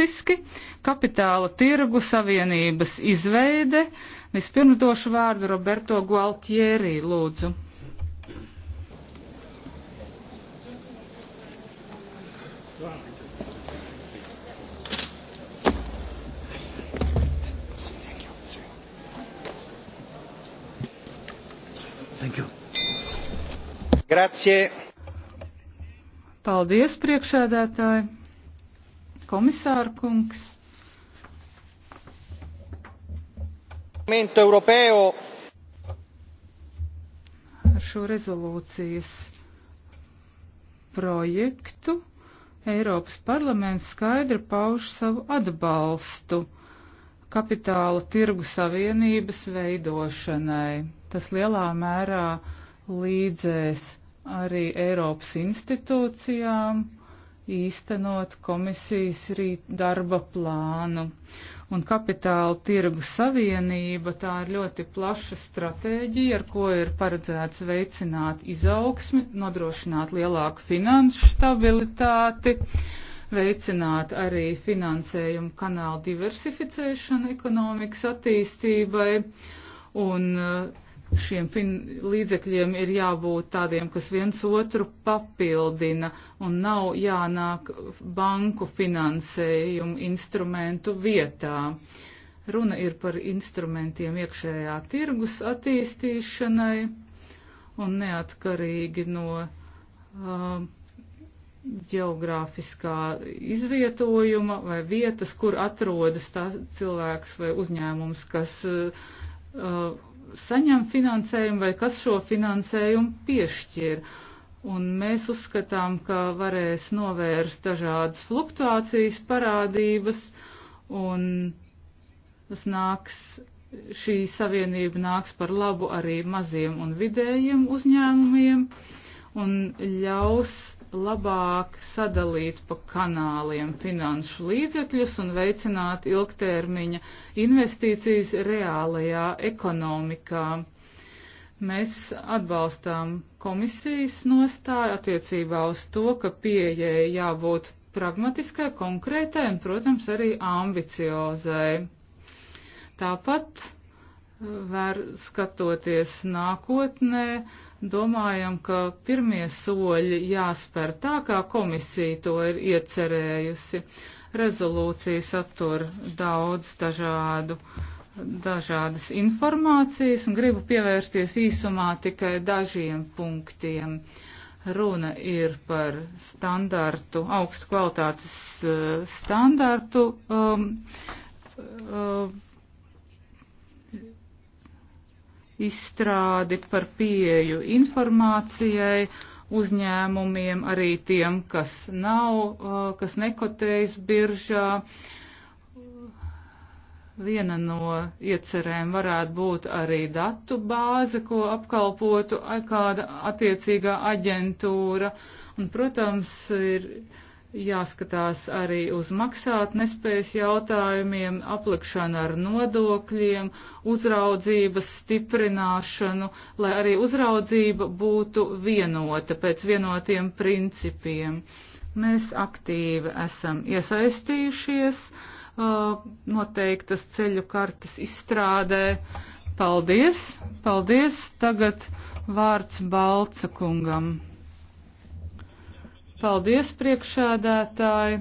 būtiski. Kapitāla tirgu savienības izveide. Vispirms došu vārdu Roberto Gualtieri, lūdzu. Grazie. Paldies, priekšēdētāji! komisāra kungs. Ar šo rezolūcijas projektu Eiropas parlaments skaidri pauž savu atbalstu kapitāla tirgu savienības veidošanai. Tas lielā mērā līdzēs arī Eiropas institūcijām īstenot komisijas rīt darba plānu. Un kapitāla tirgu savienība tā ir ļoti plaša stratēģija, ar ko ir paredzēts veicināt izaugsmi, nodrošināt lielāku finanšu stabilitāti, veicināt arī finansējumu kanālu diversificēšanu ekonomikas attīstībai un uh, šiem fin līdzekļiem ir jābūt tādiem, kas viens otru papildina un nav jānāk banku finansējumu instrumentu vietā. Runa ir par instrumentiem iekšējā tirgus attīstīšanai un neatkarīgi no uh, geogrāfiskā izvietojuma vai vietas, kur atrodas tā cilvēks vai uzņēmums, kas uh, saņem finansējumu vai kas šo finansējumu piešķir. Un mēs uzskatām, ka varēs novērst dažādas fluktuācijas parādības un tas nāks, šī savienība nāks par labu arī maziem un vidējiem uzņēmumiem un ļaus labāk sadalīt pa kanāliem finanšu līdzekļus un veicināt ilgtermiņa investīcijas reālajā ekonomikā. Mēs atbalstām komisijas nostāju attiecībā uz to, ka pieejai jābūt pragmatiskai, konkrētai un, protams, arī ambiciozai. Tāpat, eh, var skatoties nākotnē, uh, Domājam, ka pirmie soļi jāspēr tā, kā komisija to ir iecerējusi. Rezolūcija satur daudz dažādu, dažādas informācijas un gribu pievērsties īsumā tikai dažiem punktiem. Runa ir par standartu, augstu kvalitātes eh, standartu. Um, um, izstrādi par pieeju informācijai uzņēmumiem, arī tiem, kas nav, uh, kas nekotējas biržā. Viena no iecerēm varētu būt arī datu bāze, ko apkalpotu kāda attiecīgā aģentūra. Un, protams, ir jāskatās arī uz maksātnespējas jautājumiem, aplikšana ar nodokļiem, uzraudzības stiprināšanu, lai arī uzraudzība būtu vienota pēc vienotiem principiem. Mēs aktīvi esam iesaistījušies uh, noteiktas ceļu kartas izstrādē. Paldies! Paldies! Tagad vārds Balca kungam. Paldies, priekšādātāji!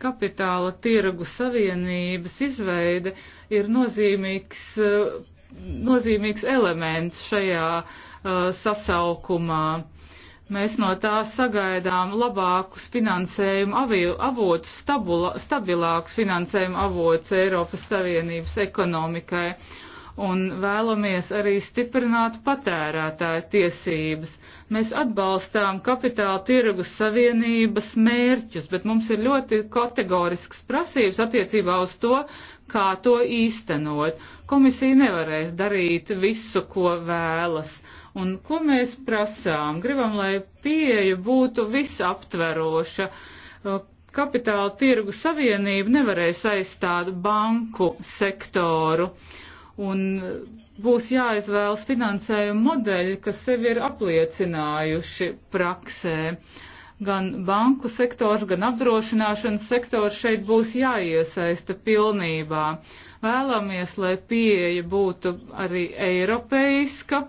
Kapitāla tirgu savienības izveide ir nozīmīgs, eh, nozīmīgs elements šajā uh, sasaukumā. Mēs no tā sagaidām labākus finansējumu avotus, stabilāks finansējumu avots Eiropas Savienības ekonomikai un vēlamies arī stiprināt patērētāju tiesības. Mēs atbalstām kapitāla tirgus savienības mērķus, bet mums ir ļoti kategorisks prasības attiecībā uz to, kā to īstenot. Komisija nevarēs darīt visu, ko vēlas. Un ko mēs prasām? Gribam, lai pieeja būtu visaptveroša. Kapitāla tirgu savienība nevarēs aizstāt banku sektoru. Uh, un būs jāizvēlas finansējuma modeļi, kas sevi ir apliecinājuši praksē. Gan banku sektors, gan apdrošināšanas sektors šeit būs jāiesaista pilnībā. Vēlamies, lai pieeja būtu arī eiropeiska.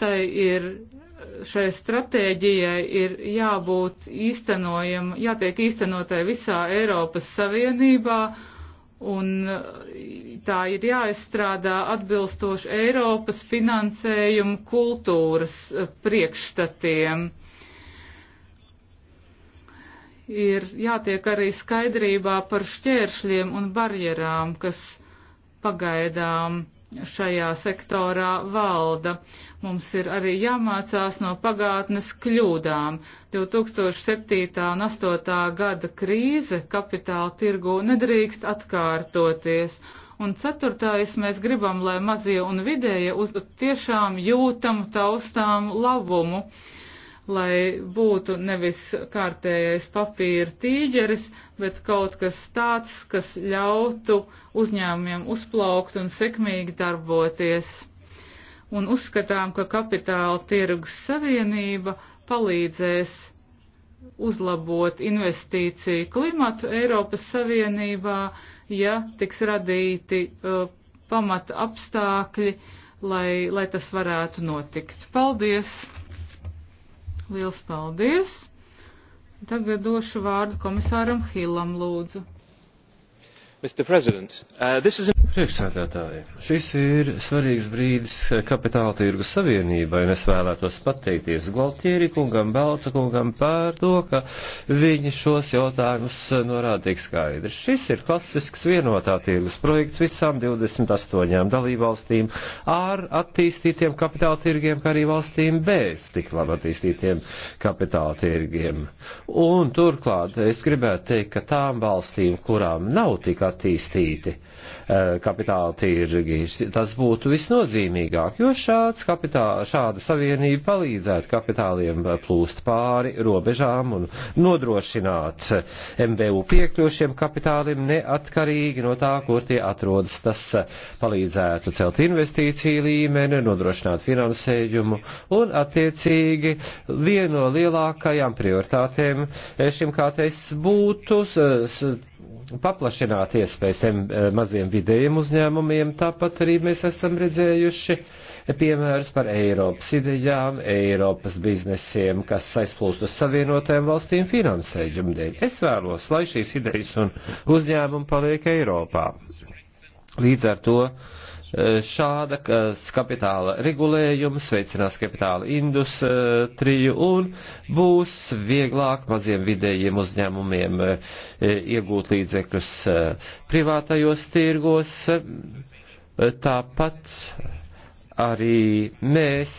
Tai ir šai stratēģijai ir jābūt īstenojama, jātiek īstenotai visā Eiropas Savienībā un uh, tā ir jāizstrādā atbilstoši Eiropas finansējumu kultūras uh, priekšstatiem. Ir jātiek arī skaidrībā par šķēršļiem un barjerām, kas pagaidām šajā sektorā valda. Mums ir arī jāmācās no pagātnes kļūdām. 2007. un 2008. gada krīze kapitāla tirgū nedrīkst atkārtoties. Un ceturtais, mēs gribam, lai mazie un vidējie uz tiešām jūtam taustām labumu, lai būtu nevis kārtējais papīra tīģeris, bet kaut kas tāds, kas ļautu uzņēmumiem uzplaukt un sekmīgi darboties un uzskatām, ka kapitāla tirgus savienība palīdzēs uzlabot investīciju klimatu Eiropas Savienībā, ja tiks radīti uh, pamata apstākļi, lai, lai tas varētu notikt. Paldies! Liels paldies! Tagad došu vārdu komisāram Hillam lūdzu. Uh, Priekšsēdētāji, šis ir svarīgs brīdis kapitāla tirgus savienībai, un es vēlētos pateikties Gualtieri kungam, Balca kungam par to, ka viņi šos jautājumus norāda tik skaidri. Šis ir klasisks vienotā tirgus projekts visām 28 dalībvalstīm ar attīstītiem kapitāla tirgiem, kā arī valstīm bez tik labi attīstītiem kapitāla tirgiem. Un turklāt es gribētu teikt, ka tām valstīm, kurām nav tik attīstītiem, attīstīti eh, kapitāla tirgi. Tas būtu visnozīmīgāk, jo šāds kapitāla, šāda savienība palīdzētu kapitāliem plūst pāri robežām un nodrošināt MBU piekļūšiem kapitāliem neatkarīgi no tā, kur tie atrodas. Tas palīdzētu celt investīciju līmeni, nodrošināt finansējumu un attiecīgi vieno lielākajām prioritātēm šim kā teiks būtu paplašināt iespējas eh, maziem vidējiem uzņēmumiem, tāpat arī mēs esam redzējuši piemērus par Eiropas idejām, Eiropas biznesiem, kas aizplūst uz savienotajām valstīm finansējumu dēļ. Es vēlos, lai šīs idejas un uzņēmumi paliek Eiropā. Līdz ar to uh, Šāda kapitāla regulējums veicinās kapitāla industriju un būs vieglāk maziem vidējiem uzņēmumiem e, iegūt līdzekļus e, privātajos tirgos. E, Tāpat arī mēs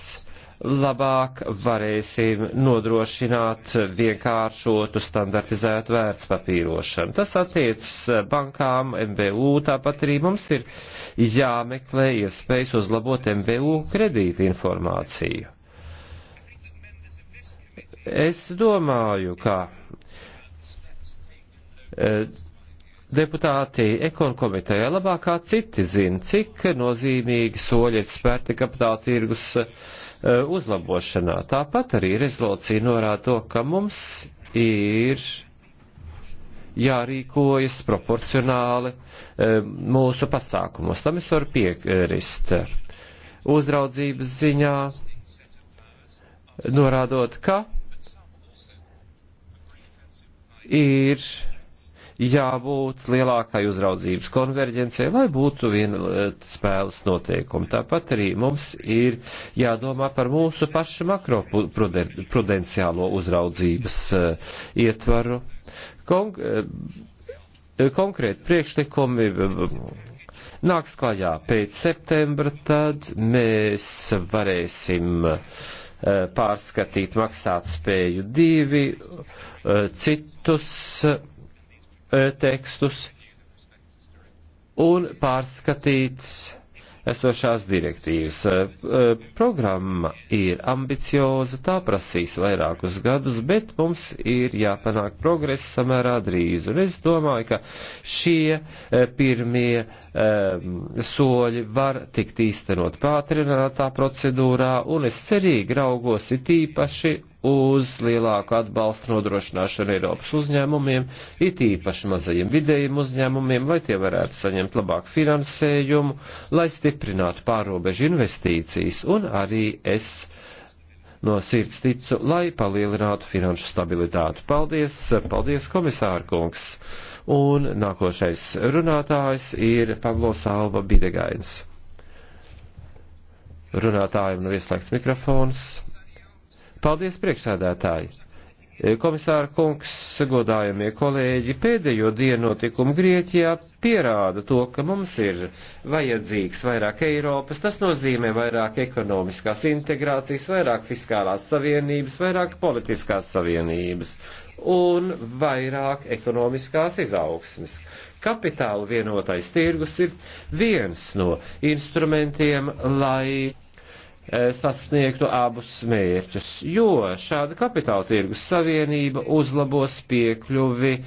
labāk varēsim nodrošināt vienkāršotu standartizētu vērtspapīrošanu. Tas attiecas bankām, MBU, tāpat arī mums ir jāmeklē iespējas uzlabot MBU kredīti informāciju. Es domāju, ka e, deputāti ekonkomitejā labākā citi zina, cik nozīmīgi soļi ir spērti kapitāla tirgus uh, E, uzlabošanā. Tāpat arī rezolūcija norāda to, ka mums ir jārīkojas proporcionāli e, mūsu pasākumos. Tam es varu piekrist. Uzraudzības ziņā norādot, ka ir jābūt lielākai uzraudzības konverģencei, lai būtu viena spēles noteikuma. Tāpat arī mums ir jādomā par mūsu pašu makroprudenciālo uzraudzības eh, ietvaru. Konk eh, konkrēti priekšlikumi eh, nāks klajā pēc septembra, tad mēs varēsim pārskatīt maksāt spēju divi, citus E, tekstus un pārskatīts esošās direktīvas. E, e, programma ir ambicioza, tā prasīs vairākus gadus, bet mums ir jāpanāk progress samērā drīz. Un es domāju, ka šie pirmie soļi var tikt īstenot pātrinātā procedūrā, un es cerīgi raugos it īpaši uz lielāku atbalstu nodrošināšanu Eiropas uzņēmumiem, it īpaši mazajiem vidējiem uzņēmumiem, lai tie varētu saņemt labāku finansējumu, lai stiprinātu pārobežu investīcijas, un arī es no sirds ticu, lai palielinātu finanšu stabilitātu. Paldies, paldies komisārkungs! Un nākošais runātājs ir Pablo Salva Bidegains runātājiem nav ieslēgts mikrofons. Paldies, priekšsādātāji! E, komisāra kungs, sagodājamie kolēģi, pēdējo dienu notikumu Grieķijā pierāda to, ka mums ir vajadzīgs vairāk Eiropas, tas nozīmē vairāk ekonomiskās integrācijas, vairāk fiskālās savienības, vairāk politiskās savienības un vairāk ekonomiskās izaugsmes. Kapitāla vienotais tirgus ir viens no instrumentiem, lai E, sasniegtu abus mērķus, jo šāda kapitāla tirgus savienība uzlabos piekļuvi e,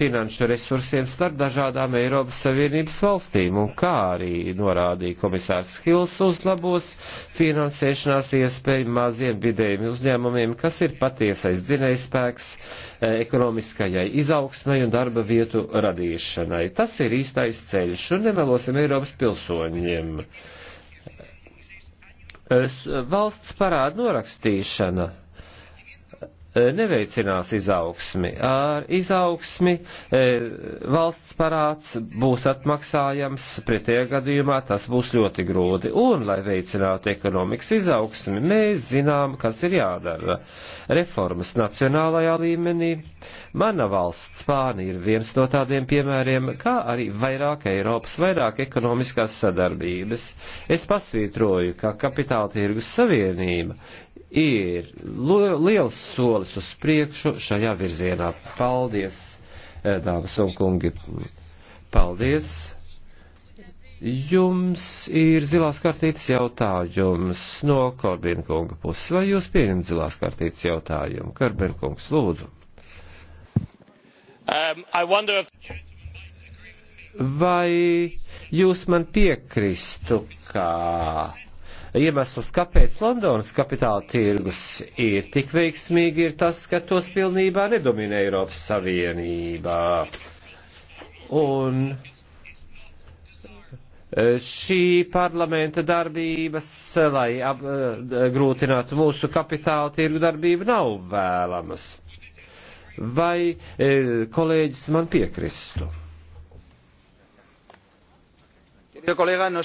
finanšu resursiem starp dažādām Eiropas Savienības valstīm, un kā arī norādīja komisārs Hils, uzlabos finansēšanās iespēju maziem vidējiem uzņēmumiem, kas ir patiesais dzinējspēks e, ekonomiskajai izaugsmai un darba vietu radīšanai. Tas ir īstais ceļš, un nemelosim Eiropas pilsoņiem. Eh, valsts parāda norakstīšana E, neveicinās izaugsmi. Ar izaugsmi e, valsts parāds būs atmaksājams, pretējā gadījumā tas būs ļoti grūti. Un, lai veicinātu ekonomikas izaugsmi, mēs zinām, kas ir jādara. Reformas nacionālajā līmenī. Mana valsts Spānija ir viens no tādiem piemēriem, kā arī vairāk Eiropas, vairāk ekonomiskās sadarbības. Es pasvītroju, ka kapitāla tirgus savienība ir liels solis uz priekšu šajā virzienā. Paldies, eh, dāmas un kungi! Paldies! Jums ir zilās kartītes jautājums no Korbina kunga puses. Vai jūs pieņemat zilās kartītes jautājumu? Korbina kungs, lūdzu. Um, wonder... Vai jūs man piekristu, kā iemesls, kāpēc Londonas kapitāla tirgus ir tik veiksmīgi, ir tas, ka tos pilnībā nedominē Eiropas Savienībā. Un šī parlamenta darbības, lai apgrūtinātu mūsu kapitāla tirgu darbību, nav vēlamas. Vai e, kolēģis man piekristu? Kolēģi, no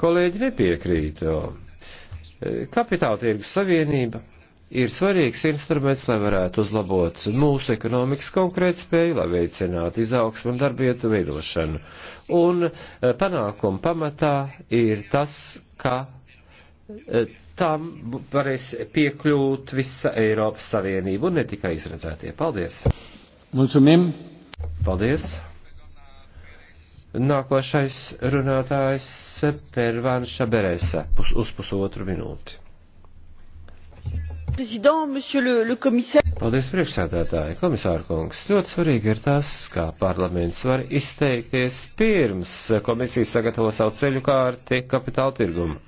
Kolēģi nepiekrīto. E, kapitāla tirgus savienība ir svarīgs instruments, lai varētu uzlabot mūsu ekonomikas konkurētspēju, lai veicinātu izaugsmu un darbietu veidošanu. Un e, panākuma pamatā ir tas, ka e, tam varēs piekļūt visa Eiropas Savienība un ne tikai izredzētie. Paldies! Mulțumim! Paldies! Nākošais runātājs Pervāns Šaberēsa pus, uz pusotru minūti. Paldies priekšsēdētāji, komisāra kungs. Ļoti svarīgi ir tas, kā parlaments var izteikties pirms komisija sagatavo savu ceļu kārti kapitāla tirgumu.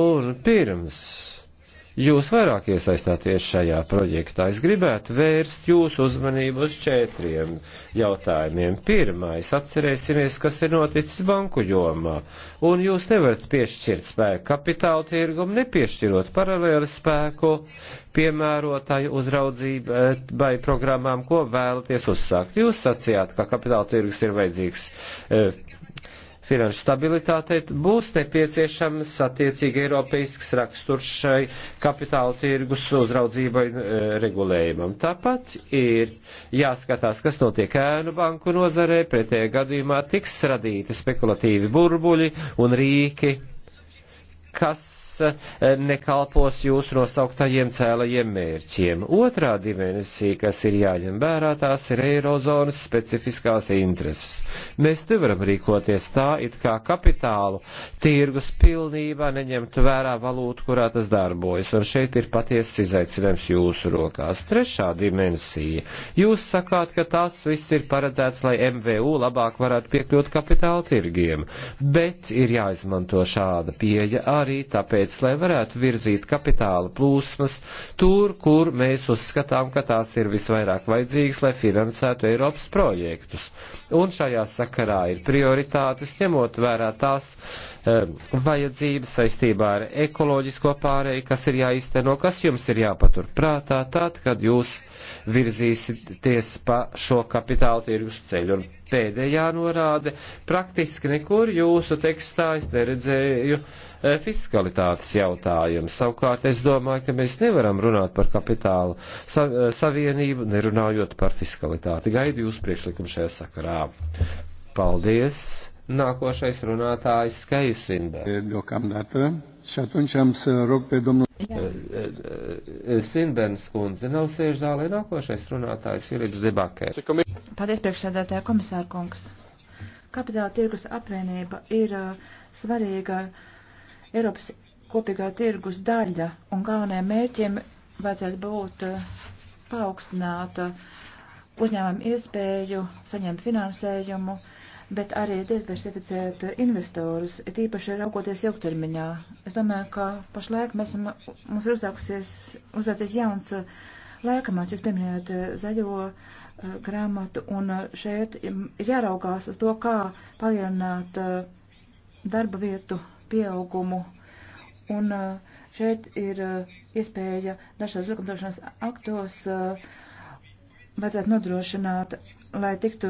Un pirms jūs vairāk iesaistāties šajā projektā. Es gribētu vērst jūsu uzmanību uz četriem jautājumiem. Pirmais, atcerēsimies, kas ir noticis banku jomā, un jūs nevarat piešķirt spēku kapitāla tirgumu, nepiešķirot paralēli spēku piemērotāju uzraudzībai programmām, ko vēlaties uzsākt. Jūs sacījāt, ka kapitāla tirgus ir vajadzīgs eh, finanšu stabilitātei, būs nepieciešams attiecīgi Eiropeisks raksturs šai kapitāla tirgus uzraudzībai e, regulējumam. Tāpat ir jāskatās, kas notiek ēnu banku nozarē, pretējā gadījumā tiks radīti spekulatīvi burbuļi un rīki, kas Eh, nekalpos jūsu nosauktajiem cēlajiem mērķiem. Otrā dimensija, kas ir jāņem vērā, tās ir eirozonas specifiskās intereses. Mēs nevaram rīkoties tā, it kā kapitālu tirgus pilnībā neņemtu vērā valūtu, kurā tas darbojas, un šeit ir patiesas izaicinājums jūsu rokās. Trešā dimensija. Jūs sakāt, ka tas viss ir paredzēts, lai MVU labāk varētu piekļūt kapitāla tirgiem, bet ir jāizmanto šāda pieeja arī tāpēc, jāveic, lai varētu virzīt kapitāla plūsmas tur, kur mēs uzskatām, ka tās ir visvairāk vajadzīgas, lai finansētu Eiropas projektus. Un šajā sakarā ir prioritātes, ņemot vērā tās um, vajadzības saistībā ar ekoloģisko pārēju, kas ir jāizteno, kas jums ir jāpatur prātā tad, kad jūs virzīsities pa šo kapitāla tirgus ceļu. Un pēdējā norāde - praktiski nekur jūsu tekstā es neredzēju e, fiskalitātes jautājumu. Savukārt es domāju, ka mēs nevaram runāt par kapitālu e, savienību, nerunājot par fiskalitāti. Gaidu jūs priekšlikumu šajā sakarā. Paldies! Nākošais runātājs Skaisvinda. E, Și atunci am să rog pe domnul... Eh, eh, eh, Svinbērns kundze nav sēž zālē nākošais runātājs Filips Debakē. Paldies, priekšsēdētāja komisāra kungs. Kapitāla tirgus apvienība ir svarīga Eiropas kopīgā tirgus daļa, un galvenajiem mērķiem vajadzētu būt paaugstināt uzņēmumu iespēju saņemt finansējumu, uh, bet arī diversificēt investorus, tīpaši raugoties ilgtermiņā. Es domāju, ka pašlaik mēs, mums ir uzsāksies, uzsāksies jauns uh, laikamāts, jūs pieminējat uh, zaļo uh, grāmatu, un šeit um, ir jāraugās uz to, kā palielināt darba vietu pieaugumu. Un šeit ir iespēja dažādos likumdošanas aktos vajadzētu nodrošināt lai tiktu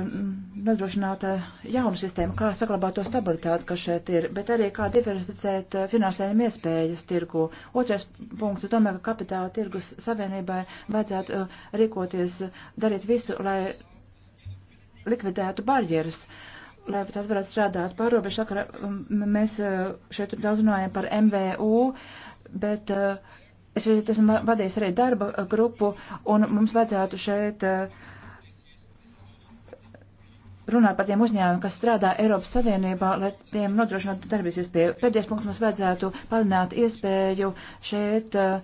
nodrošināta jauna sistēma, kā saglabāt to stabilitāti, kas šeit ir, bet arī kā diversificēt eh, finansējumu iespējas tirgu. Otrais punkts, domāju, ka kapitāla tirgus savienībai vajadzētu eh, rīkoties, darīt visu, lai likvidētu barjeras, lai tās varētu strādāt pārobežu sakara. Mēs eh, šeit daudz runājam par MVU, bet es šeit esmu vadījis arī darba grupu, un mums vajadzētu šeit uh, runāt par tiem uzņēmumiem, kas strādā Eiropas Savienībā, lai tiem nodrošinātu darbības iespēju. Pēdējais punkts mums vajadzētu palināt iespēju šeit. Uh,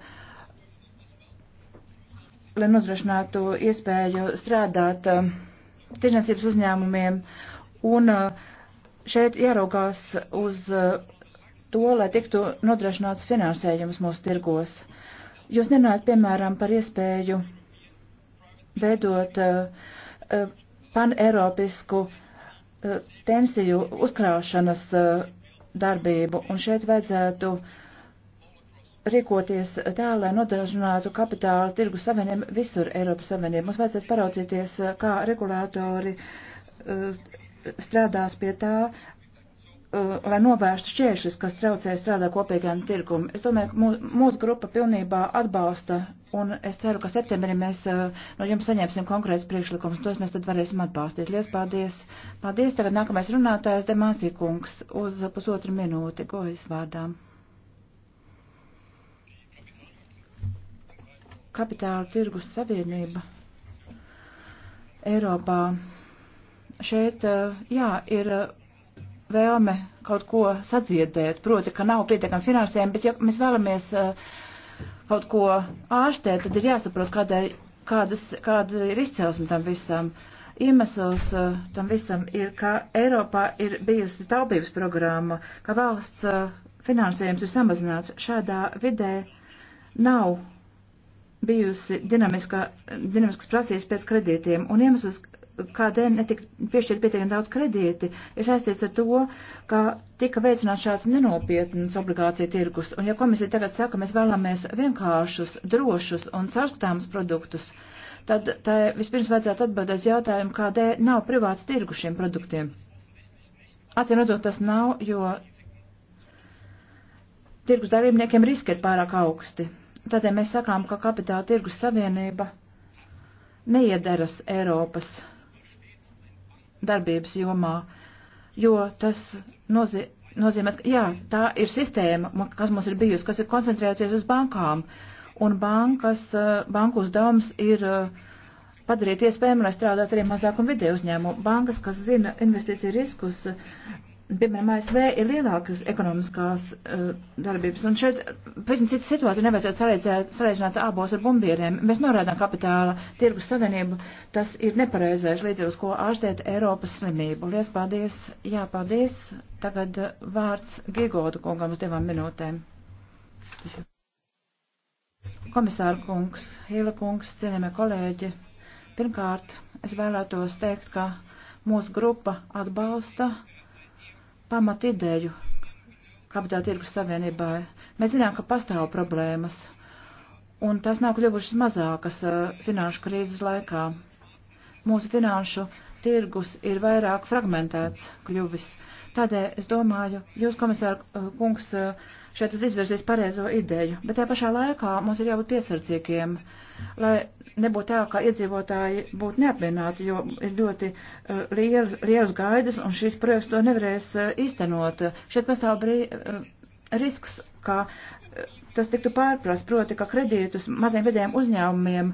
lai nodrošinātu iespēju strādāt uh, tirdzniecības uzņēmumiem. Un uh, šeit jāraugās uz uh, to, lai tiktu nodrošināts finansējums mūsu tirgos. Jūs nenājat, piemēram, par iespēju veidot paneiropisku eh, pensiju uzkraušanas eh, darbību, un šeit vajadzētu rīkoties tā, lai nodrošinātu kapitāla tirgu savieniem visur Eiropas Savienībā. Mums vajadzētu paraudzīties, eh, kā regulātori strādās pie tā, Uh, lai novērstu šķēršļus, kas traucē strādāt kopīgajam tirgumam. Es domāju, ka mūsu, mūsu grupa pilnībā atbalsta, un es ceru, ka septembrī mēs uh, no jums saņemsim konkrēts priekšlikums, tos mēs tad varēsim atbalstīt. Lies paldies! Paldies! Tagad nākamais runātājs Demāsī kungs uz pusotru minūti, gojas vārdām. Kapitāla tirgus savienība Eiropā. Šeit, uh, jā, ir vēlme kaut ko sadziedēt, proti, ka nav pietiekami finansējumi, bet ja mēs vēlamies eh, kaut ko ārstēt, tad ir jāsaprot, kāda ir, kādas, kāda ir izcelsme tam visam. Iemesls eh, tam visam ir, ka Eiropā ir bijusi taupības programma, ka valsts eh, finansējums ir samazināts. Šādā vidē nav bijusi dinamiska, dinamiskas prasības pēc kredītiem, un iemesls, kādēļ netika piešķirt pietiekami daudz kredīti, ir saistīts ar to, ka tika veicināts šāds nenopietns obligācija tirgus. Un ja komisija tagad saka, mēs vēlamies vienkāršus, drošus un sarskatāmus produktus, tad tā vispirms vajadzētu atbildēt jautājumu, kādēļ nav privāts tirgu šiem produktiem. Atcīmredzot, tas nav, jo tirgus darbiniekiem riski ir pārāk augsti. Tādēļ mēs sakām, ka kapitāla tirgus savienība neiederas Eiropas darbības jomā, jo tas nozīmē, nozīmē, ka jā, tā ir sistēma, kas mums ir bijusi, kas ir koncentrējusies uz bankām. Un bankas, eh, banku uzdevums ir eh, padarīt iespējami, lai strādātu arī mazāk un vidēju uzņēmumu. Bankas, kas zina investīciju riskus, piemēram, ASV ir lielākas ekonomiskās uh, darbības, un šeit pēc citu situāciju nevajadzētu salīdzināt abos ar bumbieriem. Mēs norādām kapitāla tirgus savienību, tas ir nepareizais līdzeklis, ko ārstēt Eiropas slimību. Lies paldies, jā, paldies. Tagad eh, vārds Gigodu kungam uz divām minūtēm. Komisāra kungs, Hīla kungs, cienījamie kolēģi, pirmkārt, es vēlētos teikt, ka mūsu grupa atbalsta pamat ideju kapitāla tirgus savienībā. Mēs zinām, ka pastāv problēmas, un tās nav kļuvušas mazākas uh, finanšu krīzes laikā. Mūsu finanšu tirgus ir vairāk fragmentēts kļuvis. Uh, Tādēļ es domāju, jūs, komisāra eh, kungs, eh, šeit izvirzīs pareizo ideju, bet tajā pašā laikā mums ir jābūt piesardzīgiem, lai nebūtu tā, ka iedzīvotāji būtu neapvienāti, jo ir ļoti eh, liels, liels gaidas un šis projekts to nevarēs īstenot. Šeit pastāv brī, risks, ka tas tiktu pārprast, proti, ka kredītus maziem vidējiem uzņēmumiem,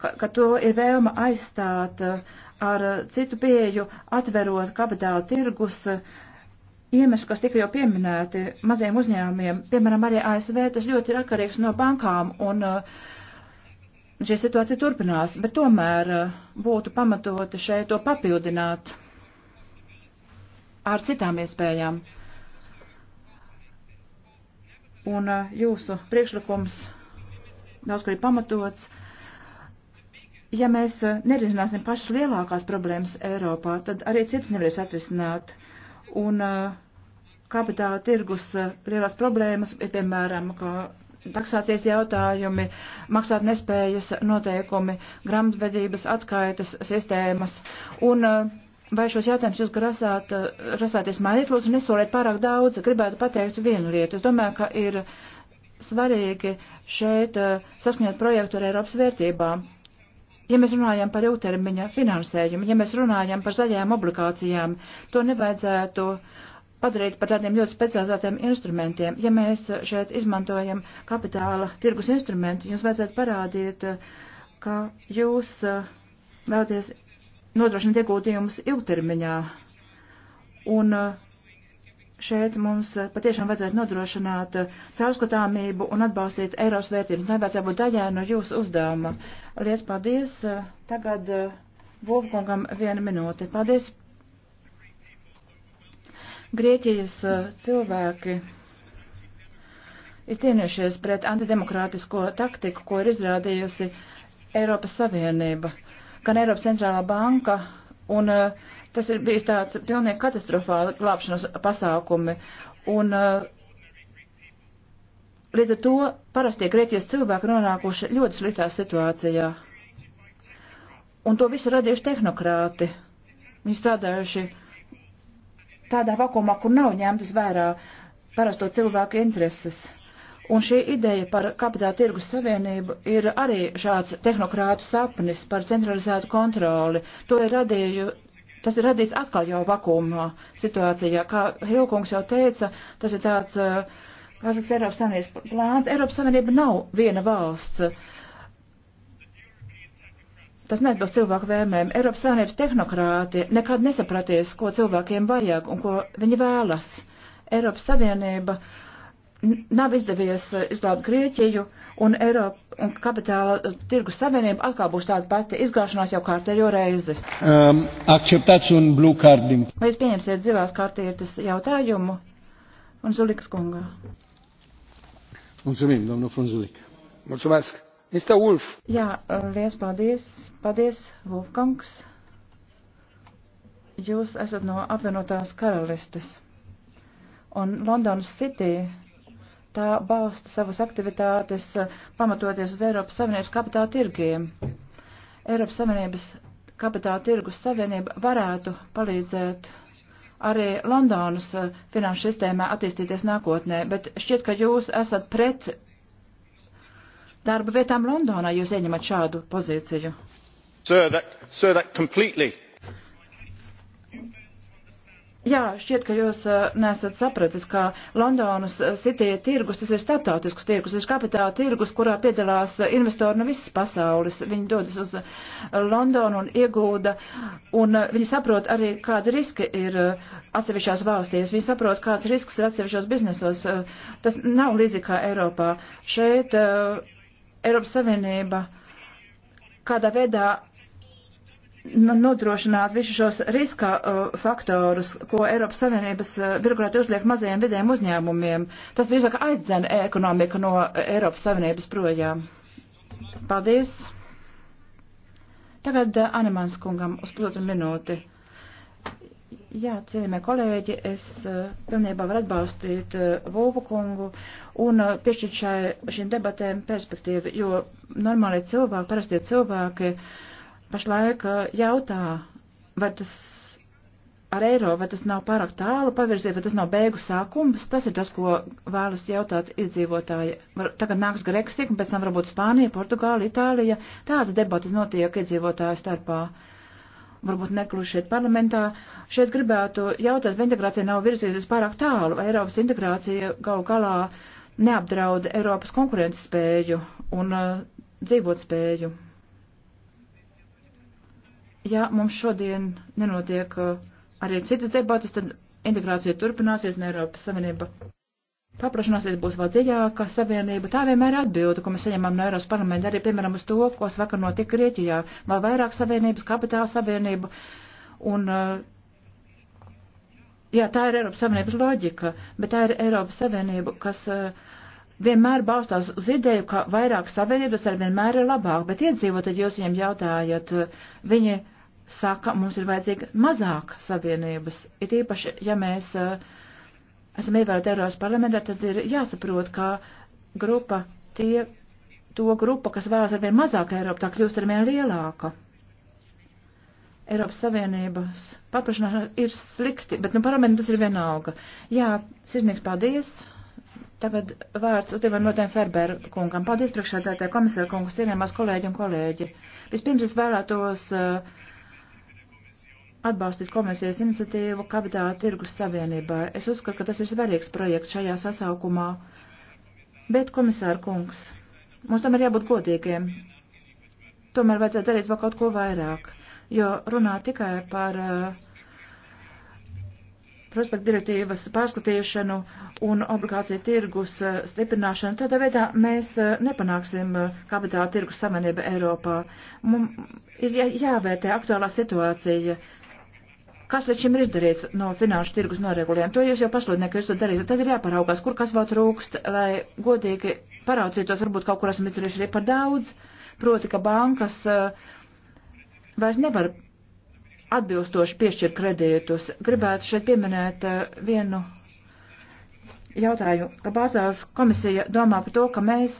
ka, ka to ir vēlma aizstāt uh, ar eh, citu pieju, atverot kapitāla tirgus, eh, iemesli, kas tika jau pieminēti maziem uzņēmumiem, piemēram, arī ASV, tas ļoti ir atkarīgs no bankām, un eh, šī situācija turpinās, bet tomēr būtu pamatoti šeit to papildināt ar citām iespējām. Un jūsu priekšlikums daudz kur ir pamatots. Uh, ja mēs eh, nerisināsim pašas lielākās problēmas Eiropā, tad arī citas nevarēs atrisināt. Un eh, kapitāla tirgus eh, lielās problēmas ir, piemēram, kā taksācijas jautājumi, maksāt nespējas noteikumi, grāmatvedības atskaitas sistēmas. Un vai šos jautājumus jūs grasāt, grasāties mainīt, lūdzu, nesoliet pārāk daudz, gribētu pateikt vienu lietu. Es domāju, ka ir svarīgi šeit saskaņot projektu ar Eiropas vērtībām ja mēs runājam par ilgtermiņa finansējumu, ja mēs runājam par zaļajām obligācijām, to nevajadzētu padarīt par tādiem ļoti specializētiem instrumentiem. Ja mēs šeit izmantojam kapitāla tirgus instrumentu, jums vajadzētu parādīt, ka jūs eh, vēlaties nodrošināt ieguldījumus ilgtermiņā. Un uh, Šeit mums eh, patiešām vajadzētu nodrošināt eh, caurskatāmību un atbalstīt Eiropas vērtības. Nevajadzētu būt daļai no jūsu uzdevuma. Lies paldies. Eh, tagad Vulkungam viena minūte. Paldies. Grieķijas cilvēki ir cīnījušies pret antidemokrātisko taktiku, ko ir izrādījusi Eiropas Savienība, gan Eiropas centrālā banka un uh, Tas ir bijis tāds pilnīgi katastrofāli glābšanas pasākumi. Un uh, līdz ar to parastie Grieķijas cilvēki nonākuši ļoti sliktā situācijā. Un to visu radījuši tehnokrāti. Viņi strādājuši tādā vakumā, kur nav ņemtas vērā parasto cilvēku intereses. Un šī ideja par kapitāla tirgus savienību ir arī šāds tehnokrātu sapnis par centralizētu kontroli. To ir radīju, Tas ir radīts atkal jau vakuma situācijā. Kā Hilkungs jau teica, tas ir tāds, eh, kas ir Eiropas Savienības plāns. Eiropas Savienība nav viena valsts. Tas neatbilst cilvēku vēmēm. Eiropas Savienības tehnokrāti nekad nesapratīs, ko cilvēkiem vajag un ko viņi vēlas. Eiropas Savienība uh, nav izdevies eh, izglābt Grieķiju, un Eiropa un kapitāla eh, tirgus savienība atkal būs tāda pati izgāšanās jau kārtējo reizi. Um, Vai jūs pieņemsiet zilās kārtītas jautājumu? Un Zulikas kungā. Mulțumim, domnul Frunzulic. Mulțumesc. Mr. Wolf. Jā, eh, liels paldies. Paldies, Wolfgangs. Jūs esat no apvienotās karalistes. Un Londonas City tā balsta savas aktivitātes eh, pamatoties uz Eiropas Savienības kapitāla tirgiem. Eiropas Savienības kapitāla tirgus savienība varētu palīdzēt arī Londonas eh, finanšu sistēmā attīstīties nākotnē, bet šķiet, ka jūs esat pret darba vietām Londonā, jūs ieņemat šādu pozīciju. Sir, that, sir, that completely Jā, šķiet, ka jūs eh, nesat sapratis, ka Londonas eh, City tirgus, tas ir startautisks tirgus, tas ir kapitāla tirgus, kurā piedalās eh, investori no visas pasaules. Viņi dodas uz Londonu un iegūda, un viņi saprot arī, kāda riska ir atsevišķās valstīs. Viņi saprot, kāds risks ir atsevišķos biznesos. Tas nav līdzīgi kā Eiropā. Šeit Eiropas Savienība kādā veidā Nu, nodrošināt visus šos riska uh, faktorus, ko Eiropas Savienības uh, birokrāti uzliek mazajiem vidējiem uzņēmumiem. Tas drīzāk aizdzena ekonomiku no Eiropas Savienības projām. Paldies. Tagad uh, Animans kungam uz pusotru minūti. Jā, cienījamie kolēģi, es uh, pilnībā varu atbalstīt uh, Volvu kungu un uh, piešķirt šai, šīm debatēm perspektīvu, jo normāli cilvēki, parastie cilvēki, uh, pašlaik eh, jautā, vai tas ar eiro, vai tas nav pārāk tālu pavirziet, vai tas nav beigu sākums. Tas ir tas, ko vēlas jautāt iedzīvotāji. Tagad nāks Greksik, un pēc tam varbūt Spānija, Portugāla, Itālija. Tādas debatas notiek iedzīvotāju starpā varbūt nekluši šeit parlamentā. Šeit gribētu jautāt, vai integrācija nav virzījusies pārāk tālu, vai Eiropas integrācija gal galā neapdraud Eiropas konkurences spēju un uh, eh, dzīvot spēju ja mums šodien nenotiek uh, arī citas debatas, tad integrācija turpināsies un Eiropas Savienība paplašanāsies, būs vēl dziļāka savienība. Tā vienmēr ir atbilde, ko mēs saņemam no Eiropas parlamenta, arī, piemēram, uz to, ko vakar notika Grieķijā, vēl vairāk savienības, kapitāla savienība. Un, uh, jā, tā ir Eiropas Savienības loģika, bet tā ir Eiropas Savienība, kas uh, vienmēr balstās uz ideju, ka vairāk savienības ar vienmēr ir labāk, bet iedzīvot, tad jūs viņiem jautājat, viņi saka, mums ir vajadzīga mazāk savienības. Ir īpaši, ja mēs eh, esam ievēlēti Eiropas parlamentā, tad ir jāsaprot, ka grupa tie, to grupa, kas vēlas arvien mazāk Eiropu, tā kļūst arvien lielāka. Eiropas Savienības paplašanāšana ir slikti, bet nu parlamentam tas ir vienalga. Jā, sirsnīgs paldies. Tagad vārds Utivam Notēm Ferber kungam. Paldies priekšādētāju komisāru kungus, cienījumās kolēģi un kolēģi. Vispirms es vēlētos uh, atbalstīt komisijas iniciatīvu Kapitāla tirgus savienībā. Es uzskatu, ka tas ir svarīgs projekts šajā sasaukumā. Bet, komisāra kungs, mums tam ir jābūt godīgiem. Tomēr vajadzētu darīt vēl kaut ko vairāk, jo runā tikai par uh, prospektu direktīvas pārskatīšanu un obligāciju tirgus uh, stiprināšanu. Tādā veidā mēs uh, nepanāksim kapitāla tirgus savienību Eiropā. Mums ir jā, jāvērtē aktuālā situācija, kas līdz šim ir izdarīts no finanšu tirgus noregulējuma. To jūs jau pasludināt, ka jūs to darīsiet. Tad ir jāparaugās, kur kas vēl trūkst, lai godīgi paraucītos, varbūt kaut kur esam izdarījuši arī par daudz. Proti, ka bankas eh, vairs nevar atbilstoši piešķirt kredītus. Gribētu šeit pieminēt eh, vienu jautājumu, ka bāzās komisija domā par to, ka mēs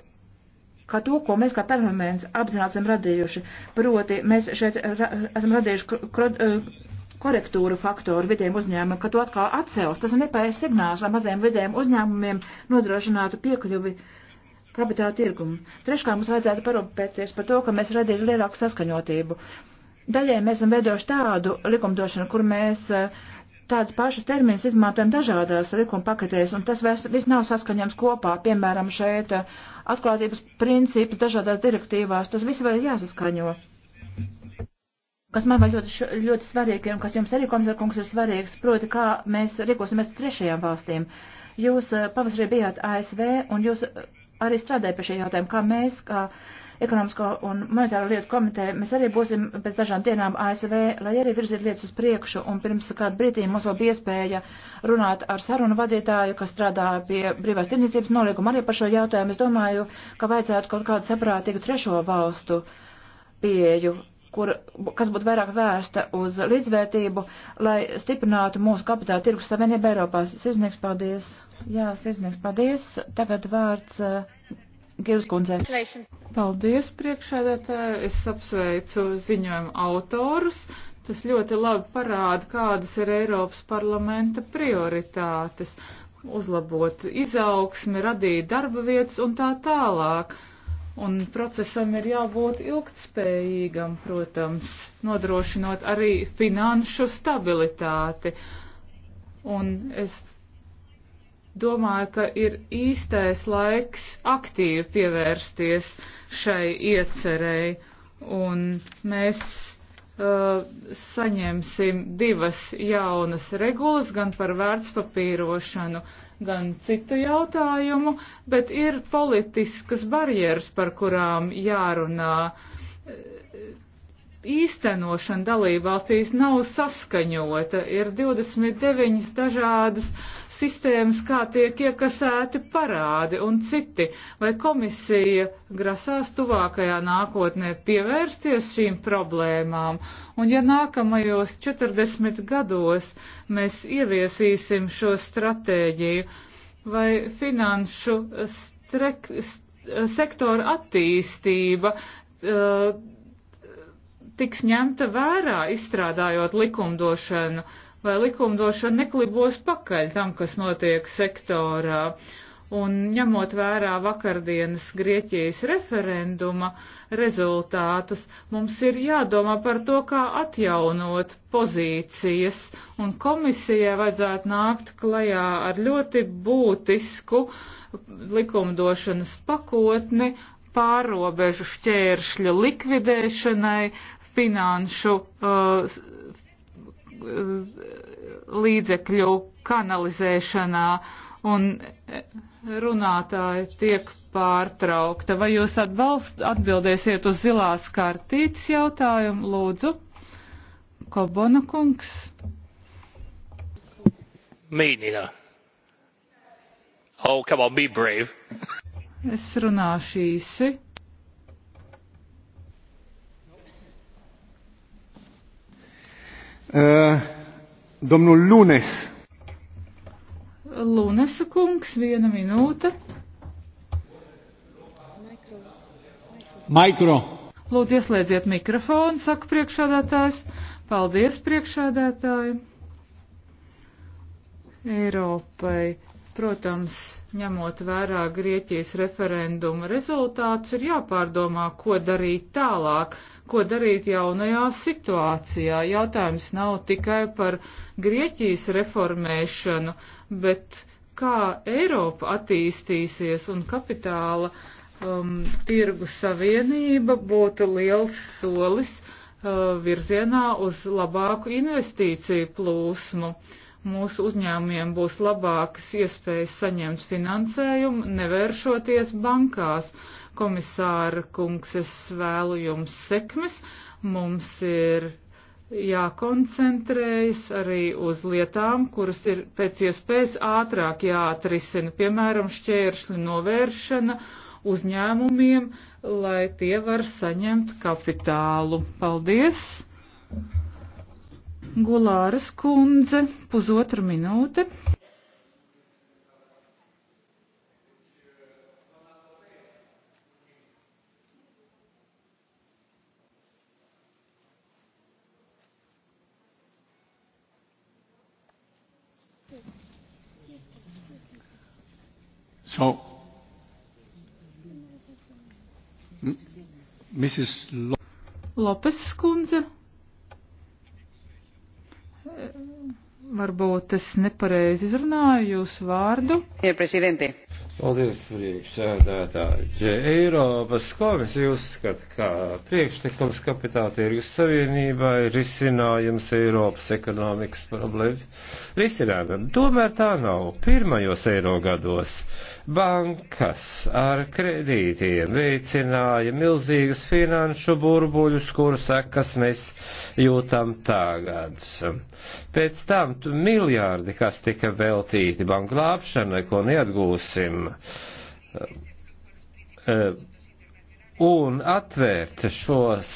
kā to, ko mēs kā parlaments apzināti esam radījuši. Proti, mēs šeit ra esam radījuši eh, korektūru faktoru vidiem uzņēmumiem, ka to atkal atcels. Tas ir nepareizs signāls, lai maziem vidiem uzņēmumiem nodrošinātu piekļuvi kapitāla tirgumu. Treškārt mums vajadzētu parūpēties par to, ka mēs radītu lielāku saskaņotību. Daļai mēs esam veidojuši tādu likumdošanu, kur mēs eh, tādas pašas terminas izmantojam dažādās likuma paketēs, un tas viss nav saskaņams kopā. Piemēram, šeit eh, atklātības princips dažādās direktīvās, tas viss vēl ir jāsaskaņo kas man vēl ļoti, ļoti svarīgi ir un kas jums arī, komisārkungs, ir svarīgs, proti, kā mēs rīkosimies trešajām valstīm. Jūs eh, pavasarī bijāt ASV un jūs eh, arī strādājat pie šī jautājuma, kā mēs, kā ekonomisko un monetāro lietu komiteja, mēs arī būsim pēc dažām dienām ASV, lai arī virzītu lietas uz priekšu, un pirms kādu brīdī mums vēl bija iespēja runāt ar sarunu vadītāju, kas strādā pie brīvās tirdzniecības nolīguma arī par šo jautājumu. Es domāju, ka vajadzētu kaut kādu saprātīgu trešo valstu pieeju kur, kas būtu vairāk vērsta uz līdzvērtību, lai stiprinātu mūsu kapitāla tirgus savienību Eiropā. Sizniegs, paldies. Jā, sizniegs, paldies. Tagad vārds uh, eh, Girs kundzei. Paldies, priekšēdētāji. Es apsveicu ziņojumu autorus. Tas ļoti labi parāda, kādas ir Eiropas parlamenta prioritātes - uzlabot izaugsmi, radīt darba vietas un tā tālāk. Un procesam ir jābūt ilgtspējīgam, protams, nodrošinot arī finanšu stabilitāti. Un es domāju, ka ir īstais laiks aktīvi pievērsties šai iecerei. Un mēs uh, saņemsim divas jaunas regulas gan par vērtspapīrošanu, uh, gan citu jautājumu, bet ir politiskas barjeras, par kurām jārunā. Īstenošana dalībvalstīs nav saskaņota, ir 29 dažādas sistēmas, kā tiek iekasēti parādi un citi. Vai komisija grasās tuvākajā nākotnē pievērsties šīm problēmām? Un ja nākamajos 40 gados mēs ieviesīsim šo stratēģiju, vai finanšu strek, st sektora attīstība uh, tiks ņemta vērā, izstrādājot likumdošanu, vai likumdošana neklibos pakaļ tam, kas notiek sektorā. Un ņemot vērā vakardienas Grieķijas referenduma rezultātus, mums ir jādomā par to, kā atjaunot pozīcijas, un komisijai vajadzētu nākt klajā ar ļoti būtisku likumdošanas pakotni pārobežu šķēršļu likvidēšanai, finanšu uh, līdzekļu kanalizēšanā un runātāja tiek pārtraukta. Vai jūs atbalst, atbildēsiet uz zilās kartītes jautājumu, lūdzu? Kobona kungs. Mīnina. Oh, come on, be brave. es runāšu īsi. Uh, domnul Lunes. Lunesa kungs, viena minūte. Mikro. Lūdzu, ieslēdziet mikrofonu, saka priekšādātājs. Paldies, priekšādātāji. Eiropai Protams, ņemot vērā Grieķijas referenduma rezultātus, ir jāpārdomā, ko darīt tālāk, ko darīt jaunajā situācijā. Jautājums nav tikai par Grieķijas reformēšanu, bet kā Eiropa attīstīsies un kapitāla um, tirgu savienība būtu liels solis uh, virzienā uz labāku investīciju plūsmu mūsu uzņēmumiem būs labākas iespējas saņemt finansējumu, nevēršoties bankās. Komisāra kungs, es vēlu jums sekmes. Mums ir jākoncentrējas arī uz lietām, kuras ir pēc iespējas ātrāk jāatrisina, piemēram, šķēršļu novēršana uzņēmumiem, lai tie var saņemt kapitālu. Paldies! Gulāras kundze, pusotra minūte. So, Mrs. Lopes Skundze. Varbūt es nepareizi izrunāju jūsu vārdu. Ir prezidenti. Paldies, priekšsēdētāji. Eiropas komisija uzskata, ka priekšlikums kapitāla tirgus savienībā ir risinājums Eiropas ekonomikas problēmu risinājumam. Tomēr tā nav. Pirmajos eiro gados bankas ar kredītiem veicināja milzīgas finanšu burbuļus, kuru sekas mēs jūtam tagad. Pēc tam miljārdi, kas tika veltīti banklāpšanai, ko neatgūsim, valstīm un atvērt šos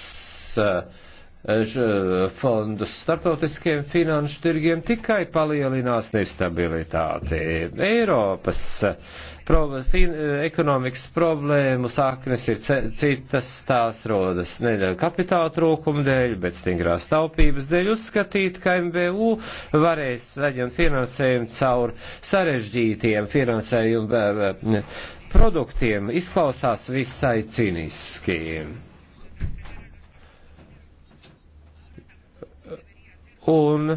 uh, Eh, fondus starptautiskiem finanšu tirgiem tikai palielinās nestabilitāti. Eiropas eh, pro, fin, eh, ekonomikas problēmu saknes ir citas, tās rodas ne kapitāla trūkuma dēļ, bet stingrās taupības dēļ uzskatīt, ka MBU varēs saņemt finansējumu caur sarežģītiem finansējumu produktiem, izklausās visai cīniski Un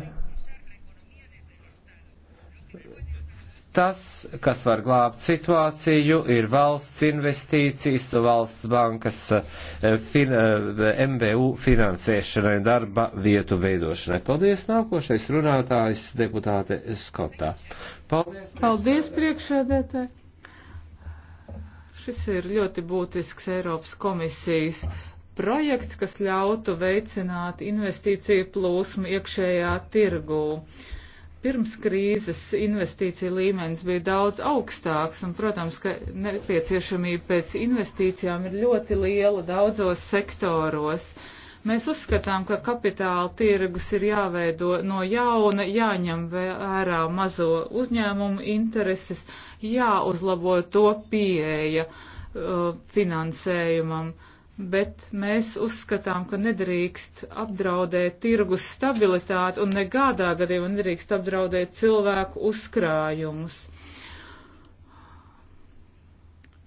tas, kas var glābt situāciju, ir valsts investīcijas, valsts bankas eh, fin, eh, MBU finansēšanai, darba vietu veidošanai. Paldies, nākošais runātājs, deputāte Skotā. Paldies, Paldies priekšēdētāji. Šis ir ļoti būtisks Eiropas komisijas projekts, kas ļautu veicināt investīciju plūsmu iekšējā tirgū. Pirms krīzes investīcija līmenis bija daudz augstāks, un, protams, ka nepieciešamība pēc investīcijām ir ļoti liela daudzos sektoros. Mēs uzskatām, ka kapitāla tirgus ir jāveido no jauna, jāņem vērā mazo uzņēmumu intereses, jāuzlabo to pieeja uh, finansējumam. Uh, bet mēs uzskatām, ka nedrīkst apdraudēt tirgus stabilitāti un negādā gadījumā nedrīkst apdraudēt cilvēku uzkrājumus.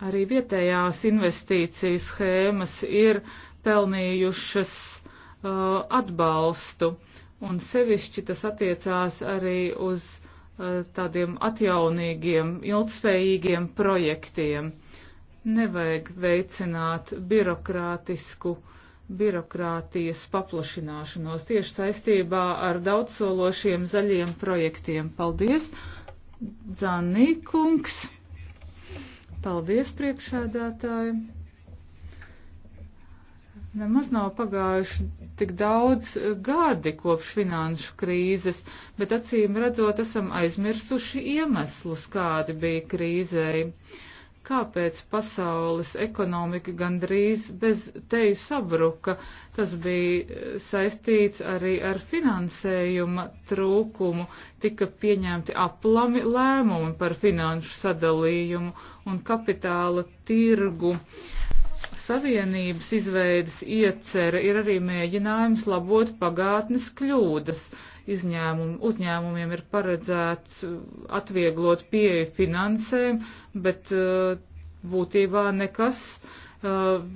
Arī vietējās investīciju schēmas ir pelnījušas uh, atbalstu, un sevišķi tas attiecās arī uz uh, tādiem atjaunīgiem, ilgspējīgiem projektiem Nevajag veicināt birokrātisku, birokrātijas paplašināšanos tieši saistībā ar daudzsološiem zaļiem projektiem. Paldies, Dzanīkungs! Paldies, priekšēdētāji! Nemaz nav pagājuši tik daudz gadi kopš finanšu krīzes, bet acīm redzot, esam aizmirsuši iemeslus, kādi bija krīzei kāpēc pasaules ekonomika gandrīz bez teju sabruka. Tas bija eh, saistīts arī ar finansējuma trūkumu, tika pieņemti aplami lēmumi par finanšu sadalījumu un kapitāla tirgu. Savienības izveidas iecere ir arī mēģinājums labot pagātnes kļūdas izņēmum, uzņēmumiem ir paredzēts uh, atvieglot pieeju finansēm, bet uh, būtībā nekas uh,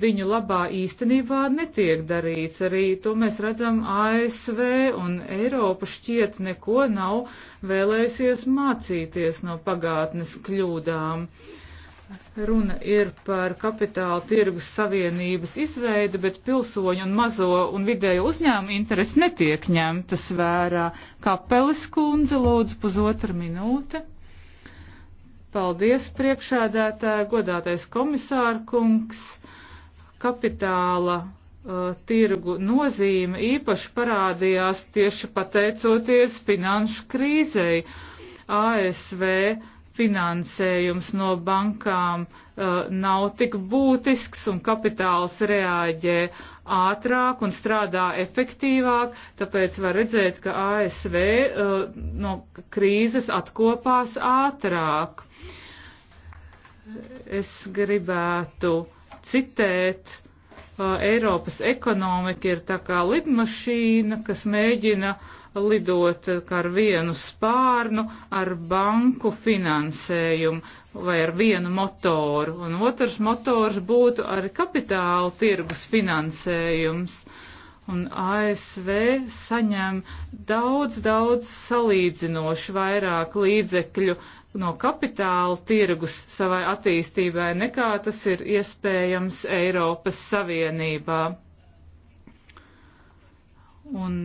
viņu labā īstenībā netiek darīts. Arī to mēs redzam ASV un Eiropa šķiet neko nav vēlējusies mācīties no pagātnes kļūdām. Uh, Runa ir par kapitāla tirgus savienības izveidi, bet pilsoņu un mazo un vidēju uzņēmumu interesi netiek ņemtas vērā. Kapelis kundze, lūdzu, pusotra minūte. Paldies, priekšādētāji, godātais komisārkungs. Kapitāla uh, tirgu nozīme īpaši parādījās tieši pateicoties finanšu krīzei. ASV finansējums no bankām uh, nav tik būtisks un kapitāls reaģē ātrāk un strādā efektīvāk, tāpēc var redzēt, ka ASV uh, no krīzes atkopās ātrāk. Es gribētu citēt Eiropas ekonomika ir tā kā lidmašīna, kas mēģina lidot ar vienu spārnu, ar banku finansējumu vai ar vienu motoru, un otrs motors būtu ar kapitāla tirgus finansējums. Uh, un ASV saņem daudz, daudz salīdzinoši vairāk līdzekļu no kapitāla tirgus savai attīstībai, nekā tas ir iespējams Eiropas Savienībā. Un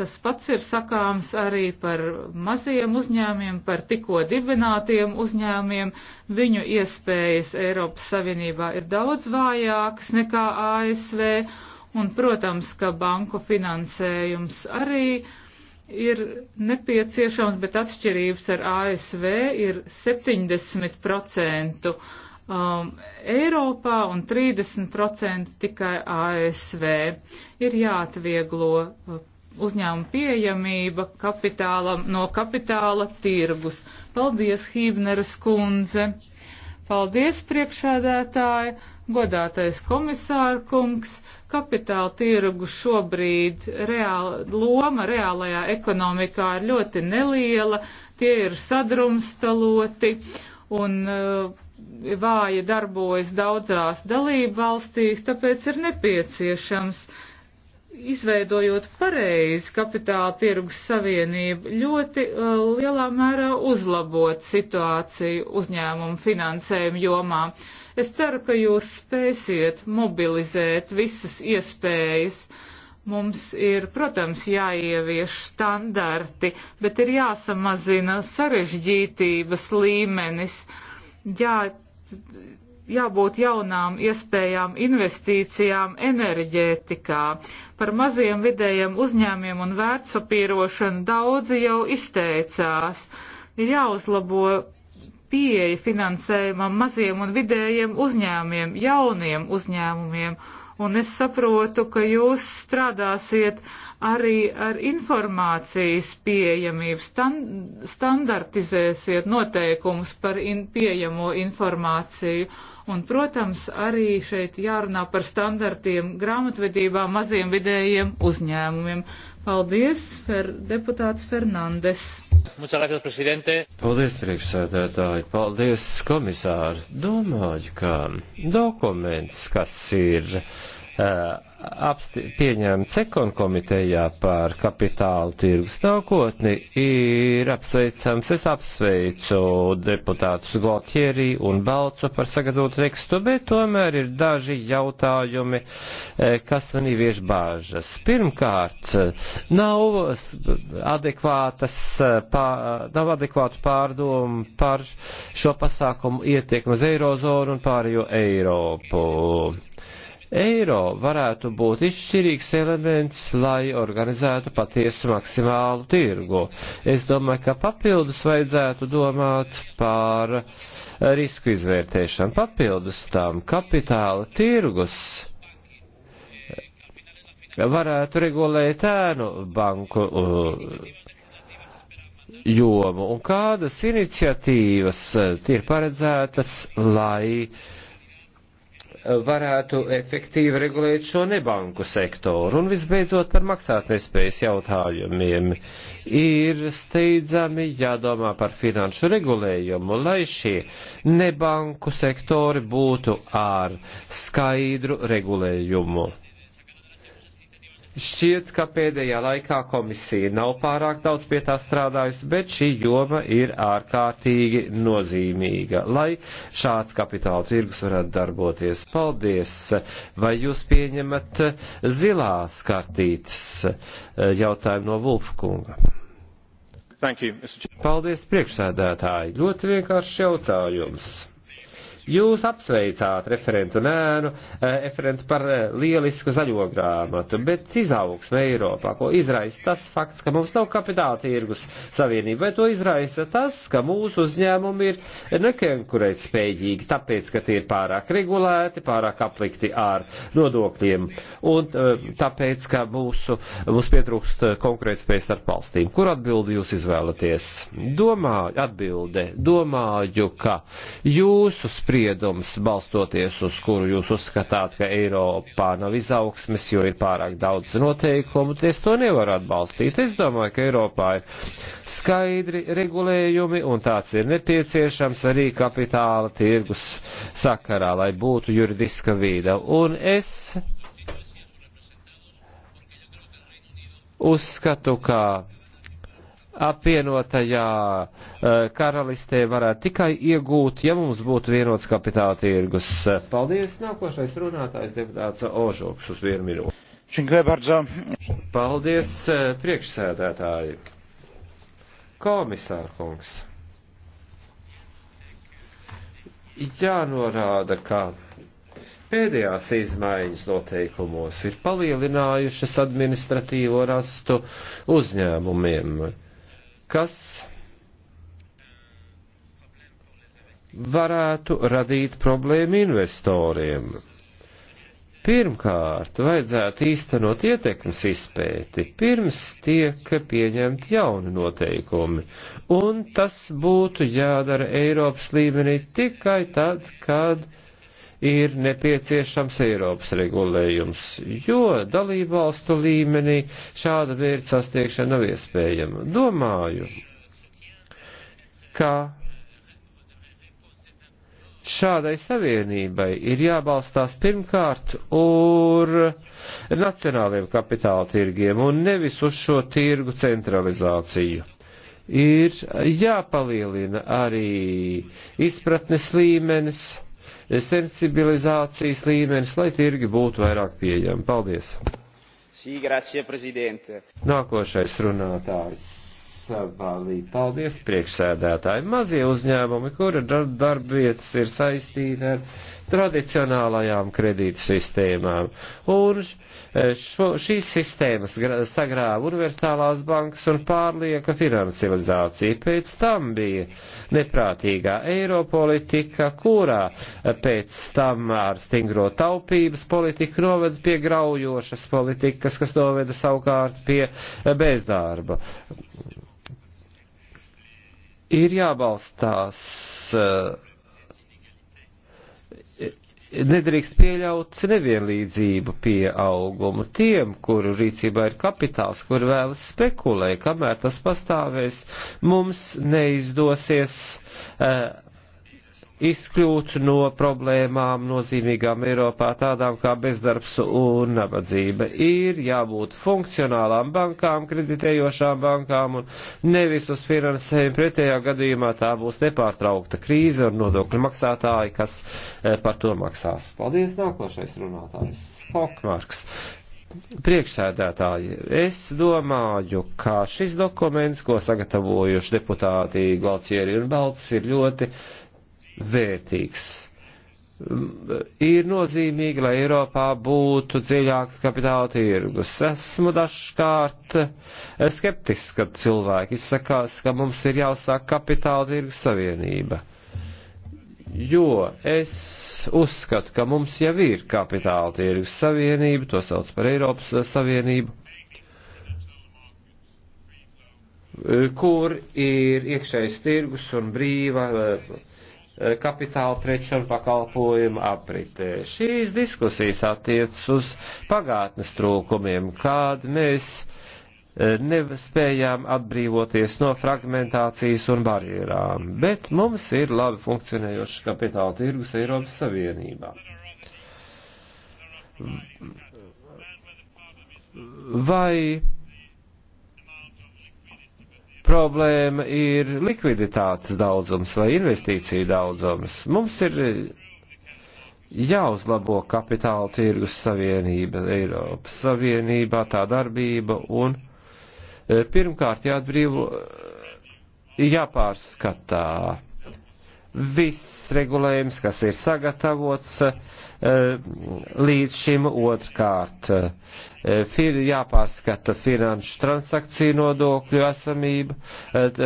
tas pats ir sakāms arī par maziem uzņēmiem, par tikko dibinātiem uzņēmiem. Viņu iespējas Eiropas Savienībā ir daudz vājākas nekā ASV Un, protams, ka banku finansējums arī ir nepieciešams, bet atšķirības ar ASV ir 70% um, Eiropā un 30% tikai ASV. Ir jāatvieglo uh, uzņēmuma pieejamība kapitālam, no kapitāla tirgus. Paldies, Hībneres kundze! Paldies, priekšēdētāji, godātais komisārkungs. Kapitāla tirgu šobrīd reāla, loma reālajā ekonomikā ir ļoti neliela, tie ir sadrumstaloti un uh, vāji darbojas daudzās dalību valstīs, tāpēc ir nepieciešams izveidojot pareizi kapitāla tirgus savienību, ļoti uh, lielā mērā uzlabot situāciju uzņēmumu finansējumu jomā. Es ceru, ka jūs spēsiet mobilizēt visas iespējas. Mums ir, protams, jāievieš standarti, bet ir jāsamazina sarežģītības līmenis, jā, jābūt jaunām iespējām investīcijām enerģētikā. Par maziem vidējiem uzņēmiem un vērtspapīrošanu daudzi jau izteicās. Ir jāuzlabo pieeja finansējumam maziem un vidējiem uzņēmiem, jauniem uzņēmumiem un es saprotu, ka jūs strādāsiet arī ar informācijas pieejamību, stand, standartizēsiet noteikumus par in, pieejamo informāciju. Un, protams, arī šeit jārunā par standartiem grāmatvedībā maziem vidējiem uzņēmumiem. Paldies, fer, deputāts Fernandes. Paldies, priekšsēdētāji. Paldies, komisāri. Domāju, ka dokuments, kas ir Eh, apsti, pieņēmts ekon komitejā par kapitālu tirgus nākotni ir apsveicams. Es apsveicu deputātus Gautierī un Balcu par sagatavotu tekstu, bet tomēr ir daži jautājumi, eh, kas man ievieš bāžas. Pirmkārt, nav adekvātas, eh, pā, nav adekvātu pārdomu par šo pasākumu ietekmi uz Eirozonu un pārējo Eiropu Eiro varētu būt izšķirīgs elements, lai organizētu patiesu maksimālu tirgu. Es domāju, ka papildus vajadzētu domāt par risku izvērtēšanu. Papildus tam kapitāla tirgus varētu regulēt ēnu banku uh, jomu un kādas iniciatīvas uh, ir paredzētas, lai uh, varētu efektīvi regulēt šo nebanku sektoru. Un visbeidzot par maksātnespējas jautājumiem ir steidzami jādomā par finanšu regulējumu, lai šie nebanku sektori būtu ar skaidru regulējumu. Šķiet, ka pēdējā laikā komisija nav pārāk daudz pie tā strādājusi, bet šī joma ir ārkārtīgi nozīmīga, lai šāds kapitāla tirgus varētu darboties. Paldies! Vai jūs pieņemat zilās kartītes jautājumu no Vulfkunga? Paldies, priekšsēdētāji! Ļoti vienkāršs jautājums Jūs apsveicāt referentu nēnu, eh, referentu par eh, lielisku zaļo grāmatu, bet izaugsme Eiropā, ko izraisa tas fakts, ka mums nav kapitāla tirgus savienība, vai to izraisa tas, ka mūsu uzņēmumi ir nekonkurēt spējīgi, tāpēc, ka tie ir pārāk regulēti, pārāk aplikti ar nodokļiem, un eh, tāpēc, ka mūsu, mums pietrūkst konkurētspējas starp valstīm. Kur atbildi jūs izvēlaties? Domāju, atbilde, domāju, ka jūsu spriedumu spriedums, balstoties uz kuru jūs uzskatāt, ka Eiropā nav izaugsmes, jo ir pārāk daudz noteikumu, es to nevaru atbalstīt. Es domāju, ka Eiropā ir skaidri regulējumi un tāds ir nepieciešams arī kapitāla tirgus sakarā, lai būtu juridiska vīda. Un es uzskatu, ka apvienotajā eh, karalistē varētu tikai iegūt, ja mums būtu vienots kapitāla tirgus. Paldies, nākošais runātājs deputāts Ožoks uz vienu minūti. Paldies, eh, priekšsēdētāji. Komisārkungs. Jānorāda, ka pēdējās izmaiņas noteikumos ir palielinājušas administratīvo rastu uzņēmumiem kas varētu radīt problēmu investoriem. Pirmkārt, vajadzētu īstenot ietekmes izpēti, pirms tiek pieņemti jauni noteikumi, un tas būtu jādara Eiropas līmenī tikai tad, kad uh, ir nepieciešams Eiropas regulējums, jo dalībvalstu līmenī šāda vērta sasniegšana nav iespējama. Domāju, ka šādai savienībai ir jābalstās pirmkārt uz nacionāliem kapitāla tirgiem un nevis uz šo tirgu centralizāciju. Ir jāpalielina arī izpratnes līmenis sensibilizācijas līmenis, lai tirgi būtu vairāk pieejami. Paldies! Sī, grazie, prezidente. Nākošais runātājs. Savālī. Paldies priekšsēdētāji. Mazie uzņēmumi, kura darbvietas ir saistīti ar tradicionālajām kredītu sistēmām. Un Eh, šo, šīs sistēmas sagrāva universālās bankas un pārlieka finansializācija. Pēc tam bija neprātīgā eiro politika, kurā eh, pēc tam ar stingro taupības politiku noveda pie graujošas politikas, kas noveda savukārt pie eh, bezdarba ir jābalstās uh, nedrīkst pieļaut nevienlīdzību pieaugumu tiem, kuru rīcībā ir kapitāls, kur vēlas spekulēt, kamēr tas pastāvēs, mums neizdosies uh, izkļūt no problēmām nozīmīgām Eiropā, tādām kā bezdarbs un nabadzība. Ir jābūt funkcionālām bankām, kreditējošām bankām un nevis uz finansējumu. Pretējā gadījumā tā būs nepārtraukta krīze un nodokļu maksātāji, kas eh, par to maksās. Paldies, nākošais runātājs Hokmarks priekšsēdētāji, es domāju, ka šis dokuments, ko sagatavojuši deputāti Galcieri un Balts, ir ļoti uh, vērtīgs. Ir nozīmīgi, lai Eiropā būtu dziļāks kapitāla tirgus. Esmu dažkārt skeptisks, kad cilvēki izsakās, ka mums ir jāsāk kapitāla tirgus savienība jo es uzskatu, ka mums jau ir kapitāla tirgus savienība, to sauc par Eiropas Savienību, kur ir iekšējais tirgus un brīva Eh, kapitāla preču un pakalpojumu apritē. Šīs diskusijas attiecas uz pagātnes trūkumiem, kād mēs eh, nespējām atbrīvoties no fragmentācijas un barjerām, bet mums ir labi funkcionējošs kapitāla tirgus Eiropas Savienībā. Vai problēma ir likviditātes daudzums vai investīciju daudzums. Mums ir eh, jāuzlabo kapitāla tirgus savienība Eiropas Savienībā, tā darbība un eh, pirmkārt jāatbrīvo, jāpārskatā viss regulējums, kas ir sagatavots eh, līdz šim otrkārt. Eh, ir jāpārskata finanšu transakciju nodokļu esamība, eh,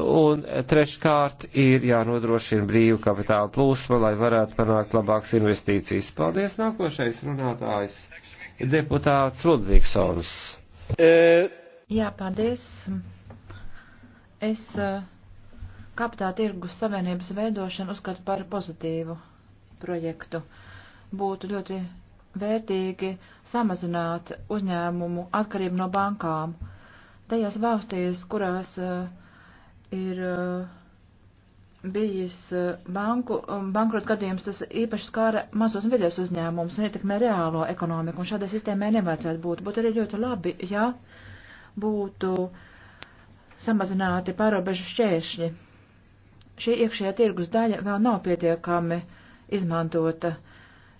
un treškārt ir jānodrošina brīvu kapitāla plūsma, lai varētu panākt labākas investīcijas. Paldies, nākošais runātājs, deputāts Ludvigsons. Jā, paldies. Es uh, kapitāla tirgus savienības veidošanu uzskatu par pozitīvu projektu. Būtu ļoti vērtīgi samazināt uzņēmumu atkarību no bankām. Tajās valstīs, kurās uh, ir uh, bijis eh, banku, um, bankrot gadījums, tas īpaši skāra mazos un vidējos uzņēmumus un ietekmē reālo ekonomiku, un šādai sistēmai nevajadzētu būt. Būtu arī ļoti labi, ja būtu samazināti pārobežu šķēršļi šī iekšējā tirgus daļa vēl nav pietiekami izmantota.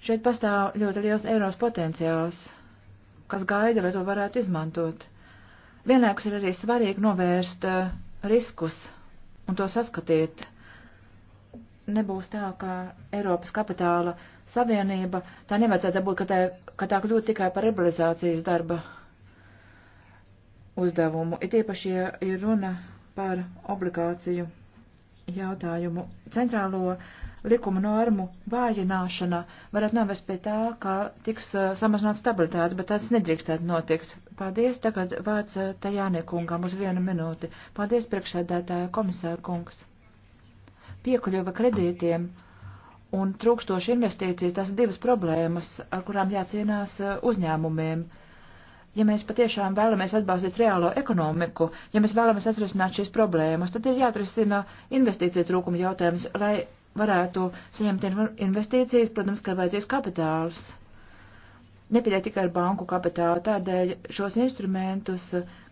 Šeit pastāv ļoti liels Eiropas potenciāls, kas gaida, lai to varētu izmantot. Vienlaikus ir arī svarīgi novērst uh, riskus un to saskatīt. Nebūs tā, ka Eiropas kapitāla savienība, tā nevajadzētu būt, ka tā, ka tā kļūt tikai par liberalizācijas darba uzdevumu. It īpaši, ja ir runa par obligāciju jautājumu. Centrālo likuma normu vājināšana varat novest pie tā, ka tiks uh, samazināt stabilitāti, bet tāds nedrīkstētu notikt. Paldies, tagad vārds uh, Tajānie kungam uz vienu minūti. Paldies, priekšsēdētāja komisāra kungs. Piekuļuva kredītiem un trūkstoši investīcijas, tās divas problēmas, ar kurām jācīnās uh, uzņēmumiem ja mēs patiešām vēlamies atbalstīt reālo ekonomiku, ja mēs vēlamies atrisināt šīs problēmas, tad ir jāatrisina investīcija trūkuma jautājums, lai varētu saņemt investīcijas, protams, ka vajadzīs kapitāls. Nepietiek tikai ar banku kapitālu, tādēļ šos instrumentus,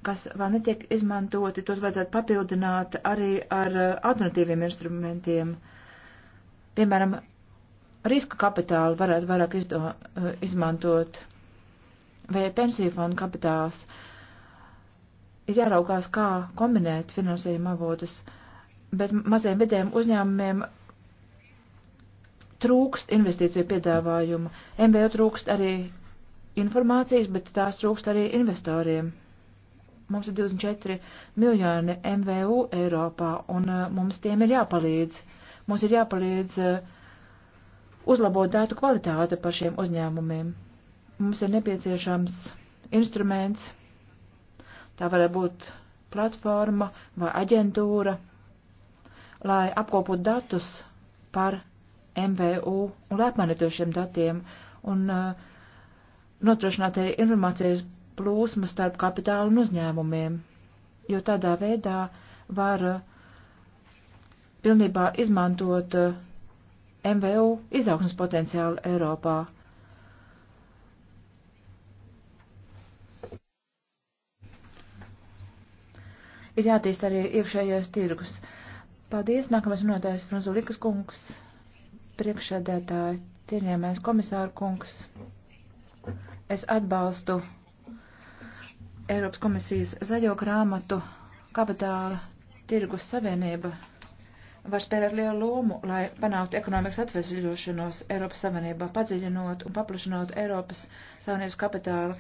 kas vēl netiek izmantoti, tos vajadzētu papildināt arī ar uh, alternatīviem instrumentiem. Piemēram, riska kapitālu varētu vairāk izdo, uh, izmantot vai pensiju fondu kapitāls. Ir jāraugās, kā kombinēt finansējuma avotus, bet maziem vidējiem uzņēmumiem trūkst investīciju piedāvājumu. MBO trūkst arī informācijas, bet tās trūkst arī investoriem. Mums ir 24 miljoni MVU Eiropā, un uh, mums tiem ir jāpalīdz. Mums ir jāpalīdz uh, uzlabot datu kvalitāti par šiem uzņēmumiem. Mums ir nepieciešams instruments, tā varētu būt platforma vai aģentūra, lai apkopotu datus par MVU un lai apmainītu šiem datiem un uh, notrošināt arī informācijas plūsmu starp kapitālu un uzņēmumiem, jo tādā veidā var uh, pilnībā izmantot uh, MVU izaugsmas potenciālu Eiropā. ir jātīst arī iekšējais tirgus. Paldies, nākamais runātājs Franzulikas kungs, priekšsēdētāji, cienījamais komisāra kungs. Es atbalstu Eiropas komisijas zaļo grāmatu kapitāla tirgus savienība var spēlēt lielu lomu, lai panāktu ekonomikas atvesļošanos Eiropas Savienībā, padziļinot un paplašinot Eiropas Savienības kapitāla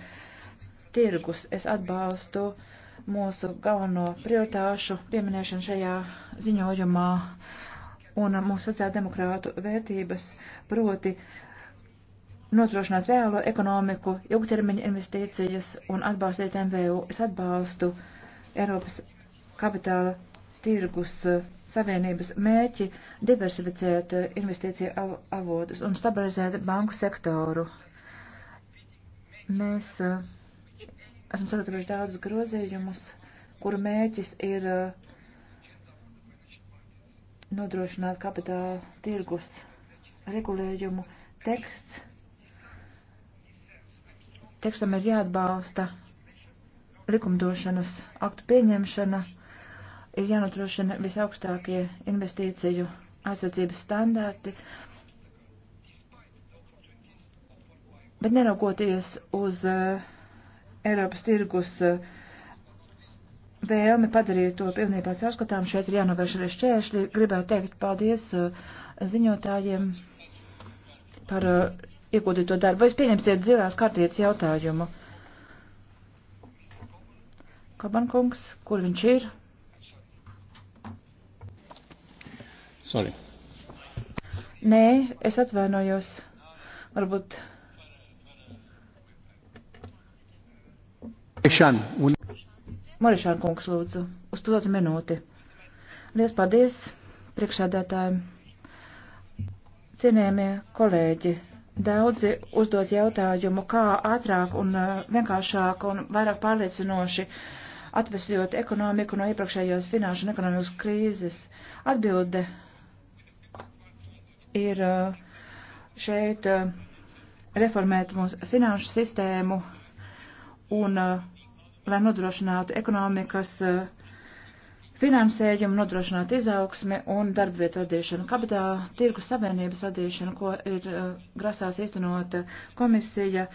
tirgus. Es atbalstu uh, mūsu galveno prioritāšu pieminēšanu šajā ziņojumā un mūsu sociāldemokrātu vērtības proti nodrošināt reālo ekonomiku, ilgtermiņa investīcijas un atbalstīt MVU. Es atbalstu Eiropas kapitāla tirgus eh, savienības mēķi diversificēt eh, investīciju av avotus un stabilizēt banku sektoru. Mēs uh, esam sagatavojuši daudz grozījumus, kuru mēķis ir uh, nodrošināt kapitāla tirgus regulējumu teksts. Tekstam ir jāatbalsta likumdošanas aktu pieņemšana, ir jānodrošina visaugstākie investīciju aizsardzības standarti, bet neraugoties uz uh, Eiropas tirgus eh, vēlme padarīt to pilnībā caurskatām. Šeit ir jānovērš arī šķēršļi. Gribētu teikt paldies eh, ziņotājiem par eh, iegūtīto darbu. Vai es pieņemsiet dzīvās kārtietas jautājumu? Kabankungs, kur viņš ir? Sorry. Nē, es atvainojos. Varbūt Un... Morišāna kungs lūdzu, uz pusotru minūti. Liels paldies priekšsēdētājiem. Cienējamie kolēģi, daudzi uzdot jautājumu, kā ātrāk un vienkāršāk un vairāk pārliecinoši atvesļot ekonomiku no iepriekšējās finanšu un ekonomikas krīzes. Atbilde ir šeit reformēt mūsu finanšu sistēmu un uh, lai nodrošinātu ekonomikas eh, finansējumu, nodrošinātu izaugsmi un darbvietu radīšanu. Kapitāla tirgus savienības radīšanu, ko ir eh, grasās īstenot eh, komisija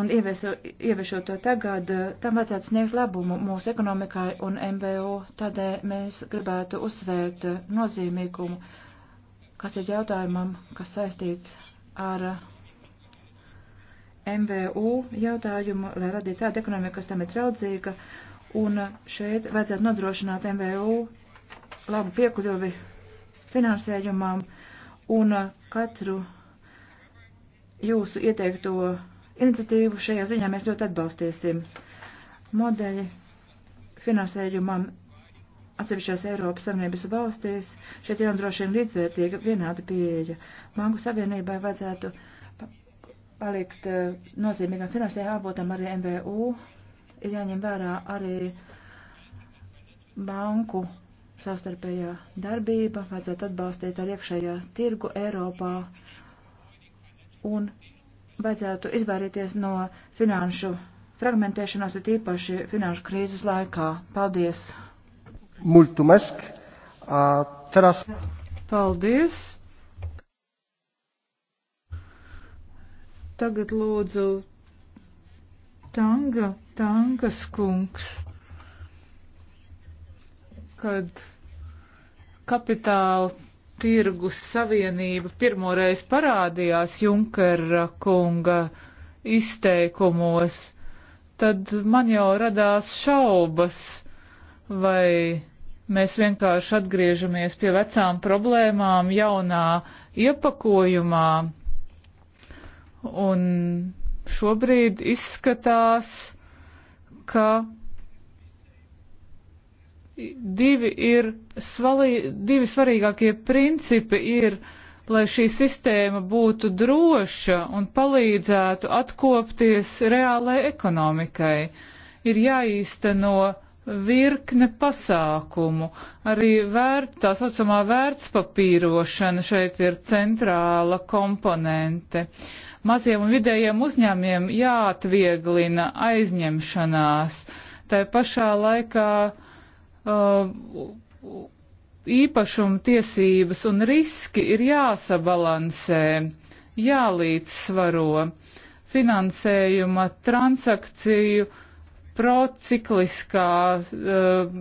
un ieviešot to tagad, tam vajadzētu sniegt labumu mūsu ekonomikai un MBU. Tādēļ mēs gribētu uzsvērt nozīmīgumu, kas ir jautājumam, kas saistīts ar MVU jautājumu, lai radītu tādu ekonomiku, kas tam ir draudzīga, un šeit vajadzētu nodrošināt MVU labu piekuļovi finansējumam, un katru jūsu ieteikto iniciatīvu šajā ziņā mēs ļoti atbalstīsim. Modeļi finansējumam atsevišķās Eiropas Savienības valstīs šeit ir un droši vien līdzvērtīga vienāda pieeja. Banku Savienībai vajadzētu uh, palikt eh, nozīmīgam finansējuma avotam arī MVU, ir jāņem vērā arī banku savstarpējā darbība, vajadzētu atbalstīt ar iekšējā tirgu Eiropā un vajadzētu izvairīties no finanšu fragmentēšanās, ir īpaši finanšu krīzes laikā. Paldies! Multumesk! Uh, teraz... Paldies! Tagad lūdzu Tanga, Tangas kungs, kad kapitāla tirgus savienība pirmoreiz parādījās Junkera kunga izteikumos, tad man jau radās šaubas, vai mēs vienkārši atgriežamies pie vecām problēmām jaunā iepakojumā, Un šobrīd izskatās, ka divi ir svalī, divi svarīgākie principi ir, lai šī sistēma būtu droša un palīdzētu atkopties reālai ekonomikai. Ir jāīsteno virkne pasākumu, arī vērt, tā saucamā vērtspapīrošana šeit ir centrāla komponente. Uh, Maziem un vidējiem uzņēmiem jāatvieglina aizņemšanās. Tā pašā laikā uh, īpašuma tiesības un riski ir jāsabalansē, jālīdzsvaro finansējuma transakciju procikliskā uh,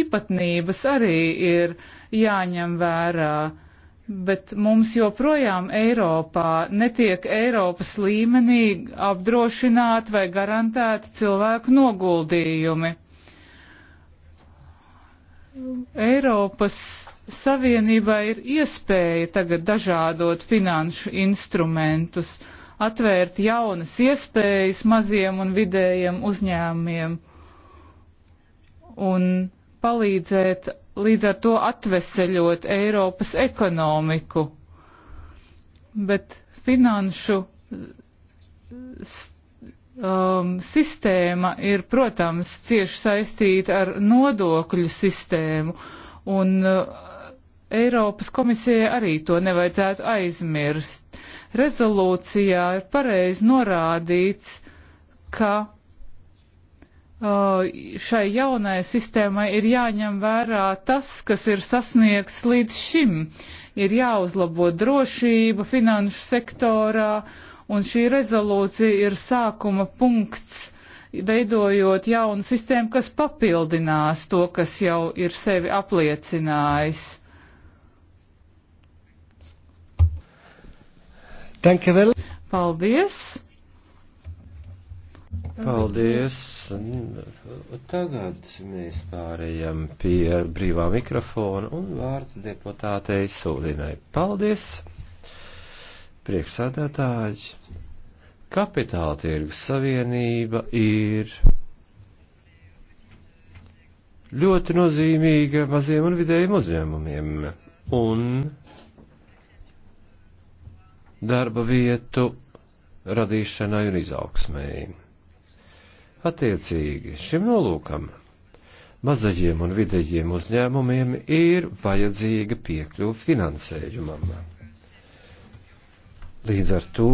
īpatnības arī ir jāņem vērā bet mums joprojām Eiropā netiek Eiropas līmenī apdrošināt vai garantēt cilvēku noguldījumi. Eiropas Savienībā ir iespēja tagad dažādot finanšu instrumentus, atvērt jaunas iespējas maziem un vidējiem uzņēmumiem un palīdzēt līdz ar to atveseļot Eiropas ekonomiku. Bet finanšu um, sistēma ir, protams, cieši saistīta ar nodokļu sistēmu, un uh, Eiropas komisijai arī to nevajadzētu aizmirst. Rezolūcijā ir pareizi norādīts, ka Uh, šai jaunai sistēmai ir jāņem vērā tas, kas ir sasniegts līdz šim. Ir jāuzlabo drošība finanšu sektorā, un šī rezolūcija ir sākuma punkts, veidojot jaunu sistēmu, kas papildinās to, kas jau ir sevi apliecinājis. Danke vēl. Paldies! Paldies. Tagad mēs pārējām pie brīvā mikrofona un vārds deputātei Sūlinai. Paldies. Priekšsādātāji. Kapitāla tirgus savienība ir ļoti nozīmīga maziem un vidējiem uzņēmumiem un darba vietu radīšanai un izaugsmēji. Attiecīgi šim nolūkam mazajiem un vidējiem uzņēmumiem ir vajadzīga piekļuva finansējumam. Līdz ar to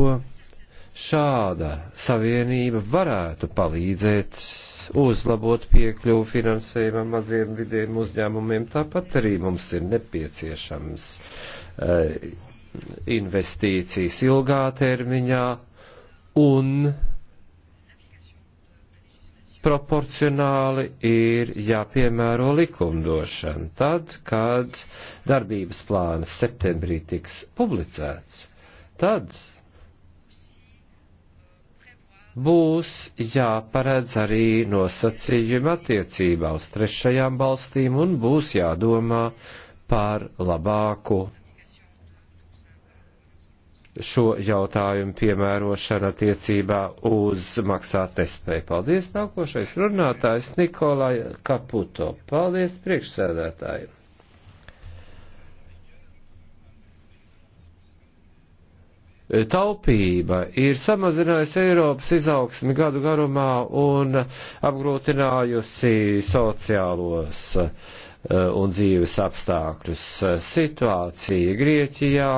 šāda savienība varētu palīdzēt uzlabot piekļuvu finansējumam maziem vidiem uzņēmumiem. Tāpat arī mums ir nepieciešams eh, investīcijas ilgā termiņā un proporcionāli ir jāpiemēro likumdošana. Tad, kad darbības plāns septembrī tiks publicēts, tad būs jāparedz arī nosacījumi attiecībā uz trešajām valstīm un būs jādomā par labāku šo jautājumu piemērošana attiecībā uz maksāt nespēju. Paldies, nākošais runātājs Nikolai Kaputo. Paldies, priekšsēdētāji. Taupība ir samazinājusi Eiropas izaugsmi gadu garumā un apgrūtinājusi sociālos eh, un dzīves apstākļus. Situācija Grieķijā,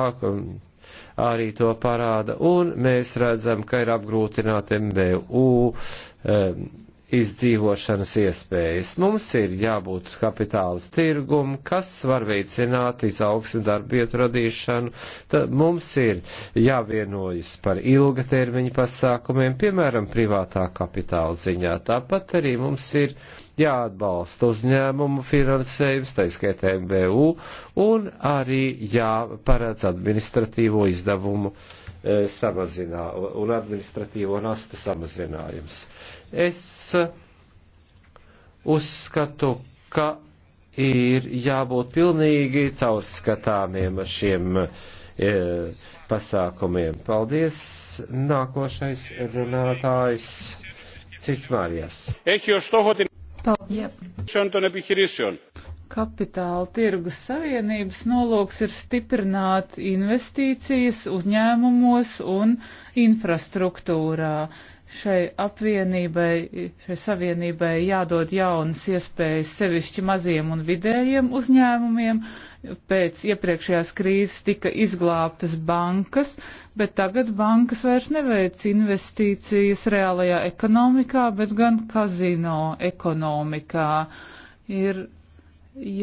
arī to parāda, un mēs redzam, ka ir apgrūtināta MBU um, izdzīvošanas iespējas. Mums ir jābūt kapitālas tirgum, kas var veicināt izaugsmi darbietu radīšanu. Tad mums ir jāvienojas par ilga termiņa pasākumiem, piemēram, privātā kapitāla ziņā. Tāpat arī mums ir jāatbalsta uzņēmumu finansējums, taiskaitē MBU, un arī jāparedz administratīvo izdevumu e, samazinā, un administratīvo nastu samazinājums. Es uzskatu, ka ir jābūt pilnīgi caurskatāmiem šiem e, pasākumiem. Paldies! Nākošais runātājs Cits Mārijas. Paldies. Kapitāla tirgus savienības nolūks ir stiprināt investīcijas uzņēmumos un infrastruktūrā šai apvienībai, šai savienībai jādod jaunas iespējas sevišķi maziem un vidējiem uzņēmumiem. Pēc iepriekšējās krīzes tika izglābtas bankas, bet tagad bankas vairs neveic investīcijas reālajā ekonomikā, bet gan kazino ekonomikā. Ir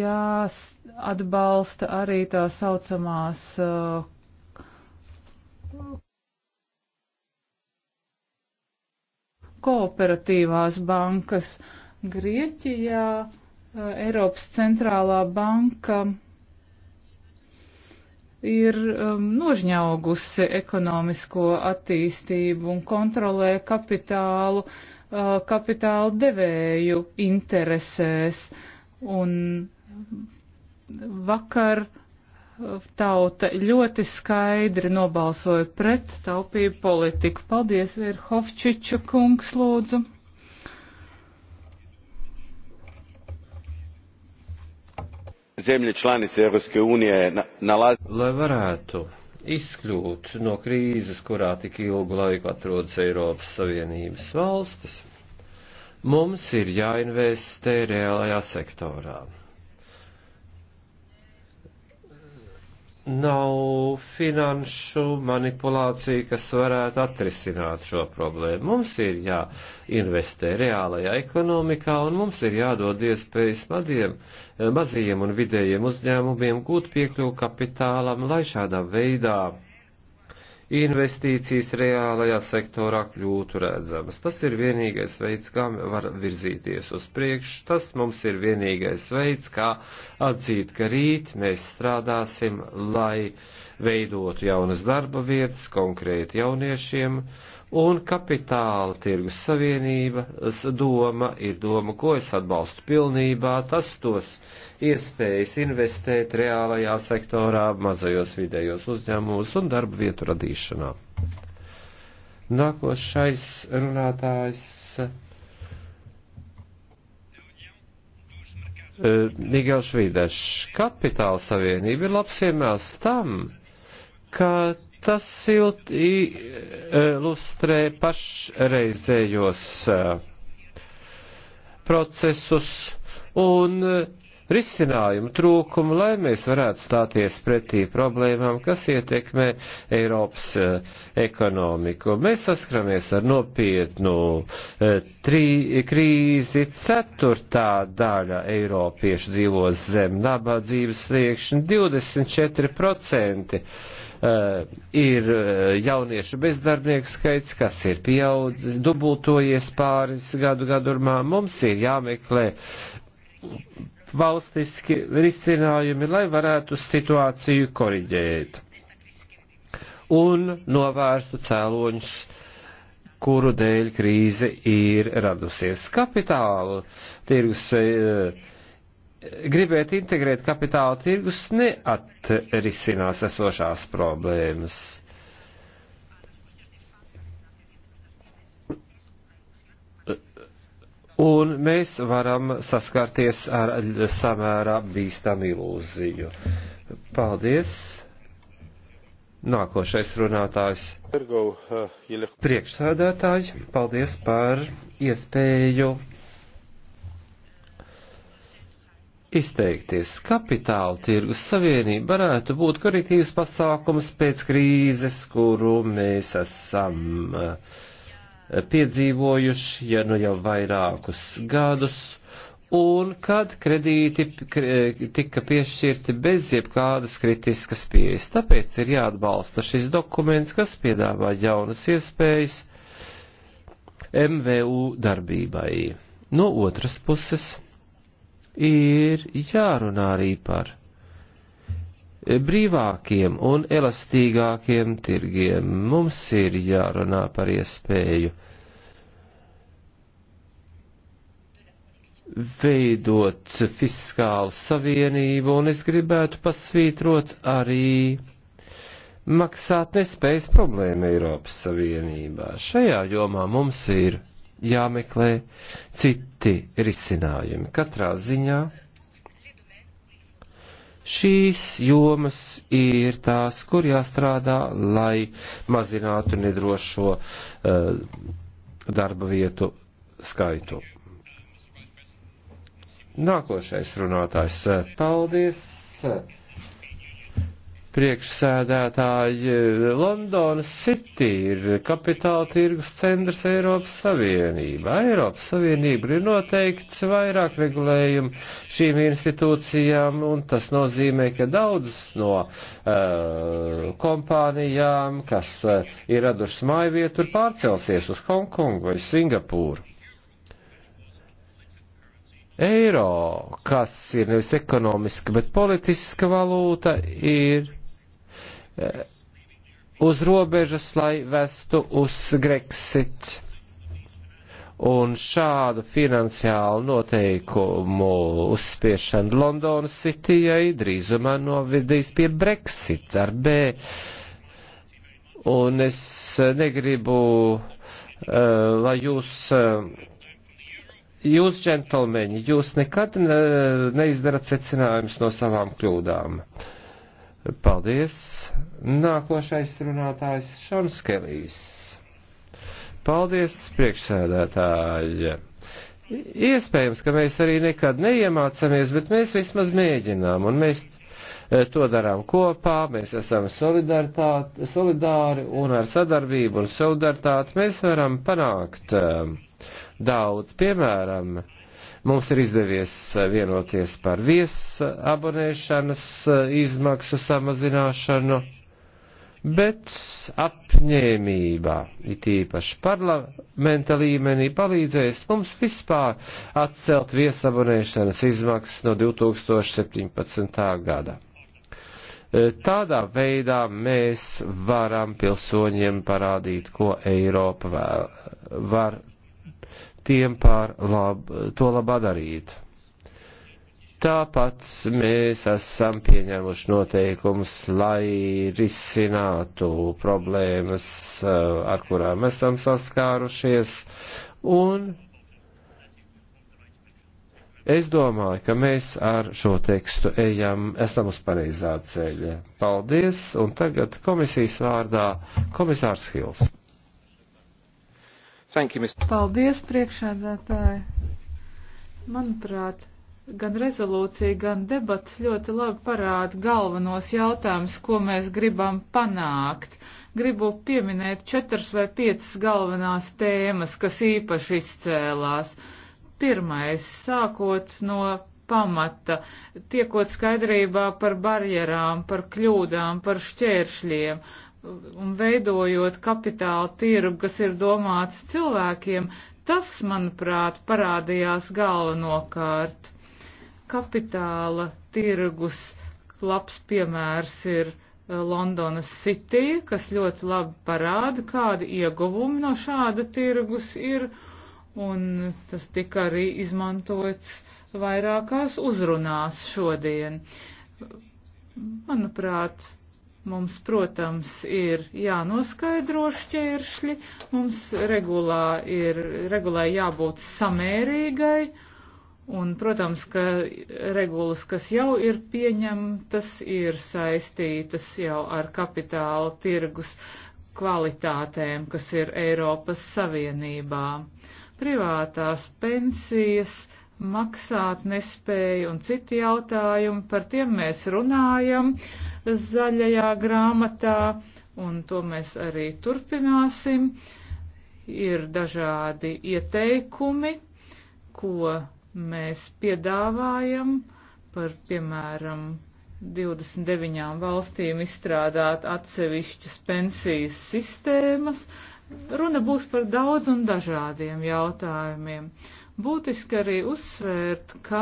jāatbalsta arī tā saucamās uh, kooperatīvās bankas. Grieķijā eh, Eiropas centrālā banka ir um, nožņaugusi ekonomisko attīstību un kontrolē kapitālu, uh, kapitāla devēju interesēs. Un vakar uh, tauta ļoti skaidri nobalsoja pret taupību politiku. Paldies, Vierhofčiča kungs, lūdzu. Zemļa članice Europske unije nalazi. Lai varētu izkļūt no krīzes, kurā tik ilgu laiku atrodas Eiropas Savienības valstis, mums ir jāinvestē reālajā sektorā nav finanšu manipulācija, kas varētu atrisināt šo problēmu. Mums ir jāinvestē reālajā ekonomikā un mums ir jādod iespējas madiem, mazajiem un vidējiem uzņēmumiem gūt piekļuvu kapitālam, lai šādā veidā investīcijas reālajā sektorā kļūtu redzamas. Tas ir vienīgais veids, kā var virzīties uz priekšu. Tas mums ir vienīgais veids, kā atzīt, ka rīt mēs strādāsim, lai veidotu jaunas darba vietas konkrēti jauniešiem un kapitāla tirgus savienības doma ir doma, ko es atbalstu pilnībā, tas tos iespējas investēt reālajā sektorā, mazajos vidējos uzņēmumos un darba vietu radīšanā. Nākošais runātājs. E, Miguel Švīdešs, kapitāla savienība ir labs iemesls tam, ka tas silt ilustrē e, pašreizējos e, procesus un e, risinājumu trūkumu, lai mēs varētu stāties pretī problēmām, kas ietekmē Eiropas ekonomiku. Mēs saskaramies ar nopietnu trī, krīzi. Ceturtā daļa Eiropiešu dzīvo zem nabadzības sliekšņa, 24% Eh, ir eh, jauniešu bezdarbnieku skaits, kas ir pieaudzis, dubultojies pāris gadu gadurmā. Mums ir jāmeklē valstiski risinājumi, lai varētu situāciju koriģēt un novērstu cēloņus, kuru dēļ krīze ir radusies. Kapitālu tirgus. E, gribēt integrēt kapitāla tirgus neatrisinās esošās problēmas. Un mēs varam saskarties ar samērā bīstamu ilūziju. Paldies! Nākošais runātājs. Uh, Priekšsēdētāji, paldies par iespēju izteikties. Kapitāla tirgus savienība varētu būt korektīvs pasākums pēc krīzes, kuru mēs esam eh, piedzīvojuši, ja nu jau vairākus gadus, un kad kredīti tika piešķirti bez jebkādas kritiskas pieejas. Tāpēc ir jāatbalsta šis dokuments, kas piedāvā jaunas iespējas MVU darbībai. No otras puses, ir jārunā arī par brīvākiem un elastīgākiem tirgiem. Mums ir jārunā par iespēju veidot fiskālu savienību, un es gribētu pasvītrot arī maksāt nespējas problēma Eiropas Savienībā. Šajā jomā mums ir jāmeklē citi risinājumi. Katrā ziņā šīs jomas ir tās, kur jāstrādā, lai mazinātu nedrošo uh, darba vietu skaitu. Nākošais runātājs. Eh, paldies! Eh, priekšsēdētāji, Londonas City ir kapitāla tirgus centrs Eiropas Savienība. Eiropas Savienība ir noteikts vairāk regulējumu šīm institūcijām, un tas nozīmē, ka daudzas no uh, kompānijām, kas uh, ir radušas mājvietu, tur pārcelsies uz Hongkongu vai Singapūru. Eiro, kas ir nevis ekonomiska, bet politiska valūta, ir Eh, uz robežas, lai vestu uz Grexit. Un šādu finansiālu noteikumu uzspiešanu Londonas Citijai drīzumā novedīs pie Brexit ar B. Un es negribu, eh, lai jūs eh, jūs, džentlmeņi, jūs nekad neizdarat secinājumus no savām kļūdām. Paldies. Nākošais runātājs Šonskelīs. Paldies, priekšsēdētāji. Iespējams, ka mēs arī nekad neiemācāmies, bet mēs vismaz mēģinām, un mēs eh, to darām kopā, mēs esam solidāri, un ar sadarbību un solidaritāti mēs varam panākt eh, daudz, piemēram, uh, Mums ir izdevies eh, vienoties par viesa abonēšanas eh, izmaksu samazināšanu, bet apņēmībā, it īpaši parlamenta līmenī, palīdzēs mums vispār atcelt viesabonēšanas izmaksas no 2017. gada. Eh, tādā veidā mēs varam pilsoņiem parādīt, ko Eiropa vēl var tiem pār lab, to labā darīt. Tāpat mēs esam pieņēmuši noteikumus, lai risinātu problēmas, eh, ar kurām esam saskārušies, un es domāju, ka mēs ar šo tekstu ejam, esam uz pareizā ceļa. Paldies, un tagad komisijas vārdā komisārs Hils. Thank you, Mr. Paldies, priekšēdētāji. Manuprāt, gan rezolūcija, gan debats ļoti labi parāda galvenos jautājumus, ko mēs gribam panākt. Gribu pieminēt četras vai piecas galvenās tēmas, kas īpaši izcēlās. Pirmais, sākot no pamata, tiekot skaidrībā par barjerām, par kļūdām, par šķēršļiem, un veidojot kapitāla tirgu, kas ir domāts cilvēkiem, tas, manuprāt, parādījās galvenokārt. Kapitāla tirgus labs piemērs ir eh, Londonas City, kas ļoti labi parāda, kādi ieguvumi no šāda tirgus ir, un tas tika arī izmantots vairākās uzrunās šodien. Manuprāt, Mums, protams, ir jānoskaidro šķēršļi, mums regulā ir regulā jābūt samērīgai, un, protams, ka regulas, kas jau ir pieņemtas, ir saistītas jau ar kapitāla tirgus kvalitātēm, kas ir Eiropas Savienībā. Privātās pensijas maksāt nespēju un citi jautājumi, par tiem mēs runājam zaļajā grāmatā, un to mēs arī turpināsim. Ir dažādi ieteikumi, ko mēs piedāvājam par, piemēram, 29 valstīm izstrādāt atsevišķas pensijas sistēmas. Runa būs par daudz un dažādiem jautājumiem Būtiski arī uzsvērt, ka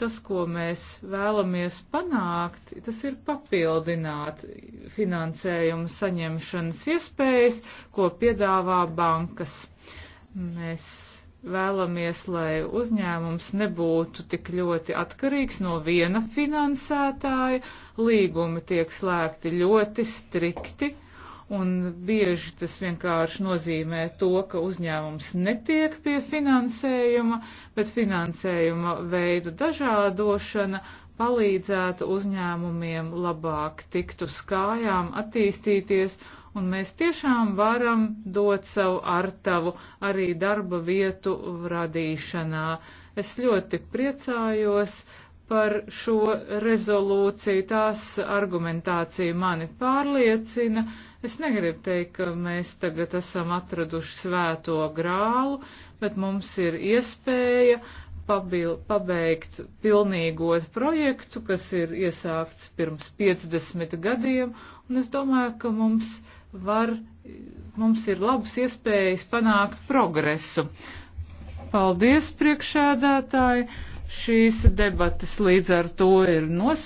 tas, ko mēs vēlamies panākt, tas ir papildināt finansējumu saņemšanas iespējas, ko piedāvā bankas. Mēs vēlamies, lai uzņēmums nebūtu tik ļoti atkarīgs no viena finansētāja, līgumi tiek slēgti ļoti strikti un bieži tas vienkārši nozīmē to, ka uzņēmums netiek pie finansējuma, bet finansējuma veidu dažādošana palīdzētu uzņēmumiem labāk tikt uz kājām, attīstīties, un mēs tiešām varam dot savu artavu arī darba vietu radīšanā. Es ļoti priecājos par šo rezolūciju, tās argumentācija mani pārliecina, Es negribu teikt, ka mēs tagad esam atraduši svēto grālu, bet mums ir iespēja pabil, pabeigt pilnīgot projektu, kas ir iesākts pirms 50 gadiem, un es domāju, ka mums, var, mums ir labas iespējas panākt progresu. Paldies, priekšēdētāji! Šīs debatas līdz ar to ir noslēgts.